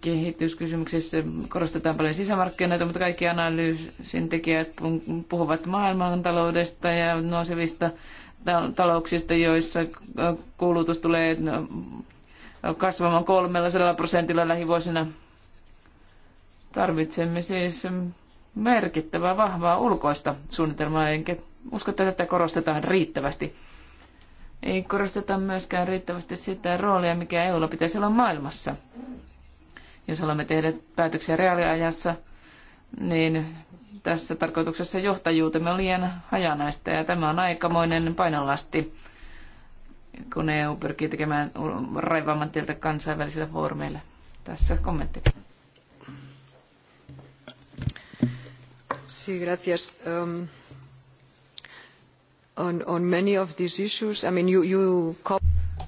Kehityskysymyksissä korostetaan paljon sisämarkkinoita, mutta kaikki analyysin tekijät puhuvat maailmantaloudesta ja nousevista talouksista, joissa kulutus tulee kasvamaan 300 prosentilla lähivuosina. Tarvitsemme siis merkittävää, vahvaa ulkoista suunnitelmaa, enkä usko, että tätä korostetaan riittävästi. Ei korosteta myöskään riittävästi sitä roolia, mikä EUlla pitäisi olla maailmassa. Jos haluamme tehdä päätöksiä reaaliajassa, niin tässä tarkoituksessa johtajuutemme on liian hajanaista ja tämä on aikamoinen painolasti kun EU pyrkii tekemään raivaamaan tieltä kansainvälisillä foorumeilla. Tässä kommentti. Sí, gracias. Um, on, on many of these issues, I mean, you, you...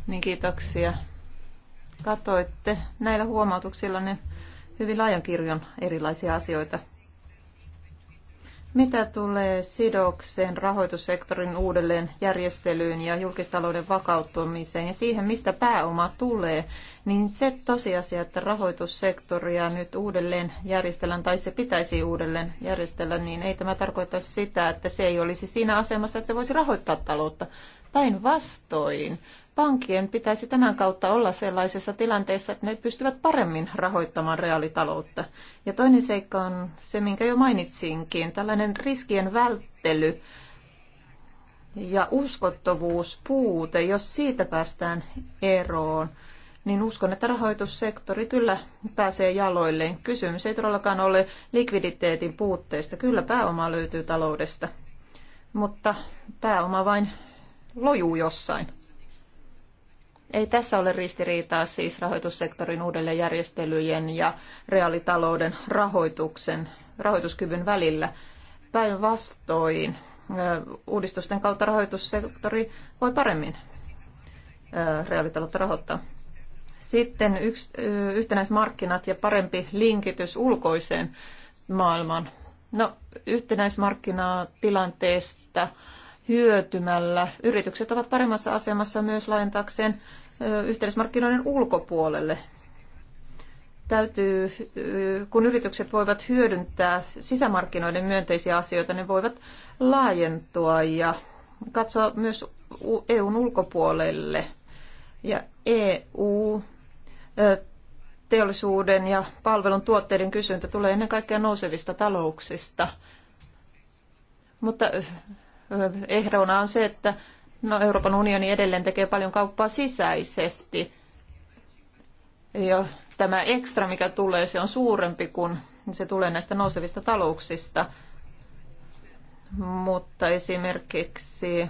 Niin, kiitoksia. Katoitte näillä huomautuksilla ne hyvin laajan kirjon erilaisia asioita – mitä tulee sidokseen rahoitussektorin uudelleen järjestelyyn ja julkistalouden vakauttumiseen ja siihen, mistä pääoma tulee, niin se tosiasia, että rahoitussektoria nyt uudelleen järjestellään tai se pitäisi uudelleen järjestellä, niin ei tämä tarkoita sitä, että se ei olisi siinä asemassa, että se voisi rahoittaa taloutta. Päinvastoin pankkien pitäisi tämän kautta olla sellaisessa tilanteessa, että ne pystyvät paremmin rahoittamaan reaalitaloutta. Ja toinen seikka on se, minkä jo mainitsinkin, tällainen riskien välttely ja uskottavuuspuute, jos siitä päästään eroon, niin uskon, että rahoitussektori kyllä pääsee jaloilleen. Kysymys ei todellakaan ole likviditeetin puutteesta. Kyllä pääoma löytyy taloudesta, mutta pääoma vain lojuu jossain. Ei tässä ole ristiriitaa siis rahoitussektorin uudelleenjärjestelyjen ja reaalitalouden rahoituksen, rahoituskyvyn välillä. Päinvastoin uudistusten kautta rahoitussektori voi paremmin reaalitaloutta rahoittaa. Sitten yks, yhtenäismarkkinat ja parempi linkitys ulkoiseen maailmaan. No, yhtenäismarkkinatilanteesta hyötymällä yritykset ovat paremmassa asemassa myös laajentaakseen yhteismarkkinoiden ulkopuolelle. Täytyy, kun yritykset voivat hyödyntää sisämarkkinoiden myönteisiä asioita, ne voivat laajentua ja katsoa myös EUn ulkopuolelle. Ja EU teollisuuden ja palvelun tuotteiden kysyntä tulee ennen kaikkea nousevista talouksista. Mutta ehdona on se, että No Euroopan unioni edelleen tekee paljon kauppaa sisäisesti. Ja tämä ekstra, mikä tulee, se on suurempi kuin se tulee näistä nousevista talouksista. Mutta esimerkiksi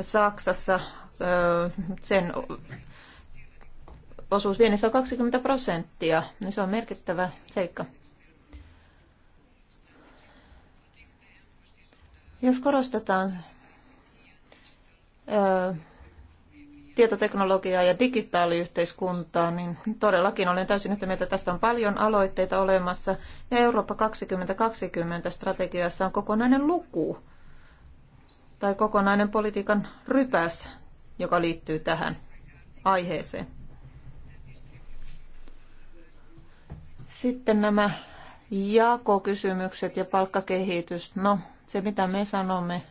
Saksassa sen osuus viennissä on 20 prosenttia, niin se on merkittävä seikka. Jos korostetaan tietoteknologiaa ja digitaaliyhteiskuntaa, niin todellakin olen täysin yhtä mieltä. Tästä on paljon aloitteita olemassa. Ja Eurooppa 2020 strategiassa on kokonainen luku tai kokonainen politiikan rypäs, joka liittyy tähän aiheeseen. Sitten nämä jakokysymykset ja palkkakehitys. No, se mitä me sanomme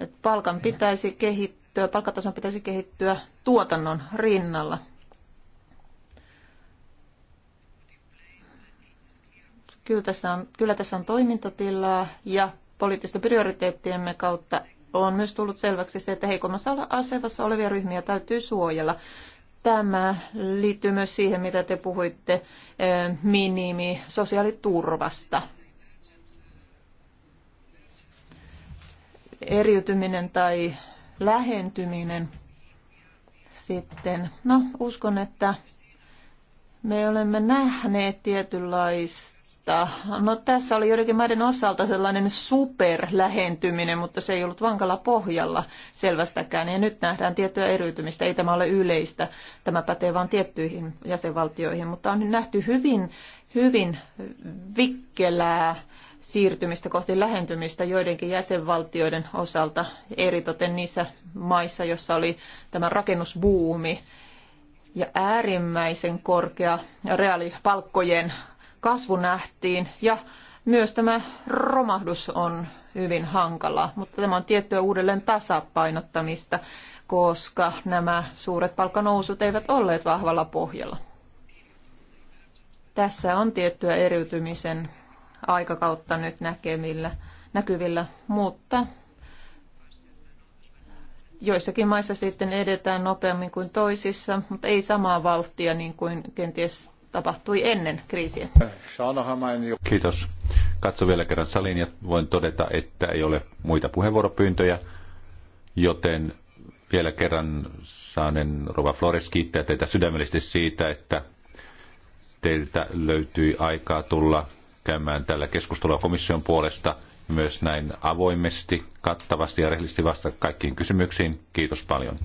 että palkan pitäisi kehittyä, palkkatason pitäisi kehittyä tuotannon rinnalla. Kyllä tässä on, kyllä tässä on toimintatilaa ja poliittisten prioriteettiemme kautta on myös tullut selväksi se, että heikommassa asemassa olevia ryhmiä täytyy suojella. Tämä liittyy myös siihen, mitä te puhuitte eh, minimi sosiaaliturvasta. eriytyminen tai lähentyminen sitten. No, uskon, että me olemme nähneet tietynlaista. No tässä oli joidenkin maiden osalta sellainen superlähentyminen, mutta se ei ollut vankalla pohjalla selvästäkään. Ja nyt nähdään tiettyä eriytymistä. Ei tämä ole yleistä. Tämä pätee vain tiettyihin jäsenvaltioihin, mutta on nähty hyvin, hyvin vikkelää siirtymistä kohti lähentymistä joidenkin jäsenvaltioiden osalta, eritoten niissä maissa, joissa oli tämä rakennusbuumi ja äärimmäisen korkea reaalipalkkojen kasvu nähtiin ja myös tämä romahdus on hyvin hankala, mutta tämä on tiettyä uudelleen tasapainottamista, koska nämä suuret palkkanousut eivät olleet vahvalla pohjalla. Tässä on tiettyä eriytymisen aikakautta nyt näkemillä, näkyvillä, mutta joissakin maissa sitten edetään nopeammin kuin toisissa, mutta ei samaa vauhtia niin kuin kenties tapahtui ennen kriisiä. Kiitos. Katso vielä kerran salin ja voin todeta, että ei ole muita puheenvuoropyyntöjä, joten vielä kerran saanen Rova Flores kiittää teitä sydämellisesti siitä, että teiltä löytyi aikaa tulla käymään tällä keskustelua komission puolesta myös näin avoimesti, kattavasti ja rehellisesti vasta kaikkiin kysymyksiin. Kiitos paljon.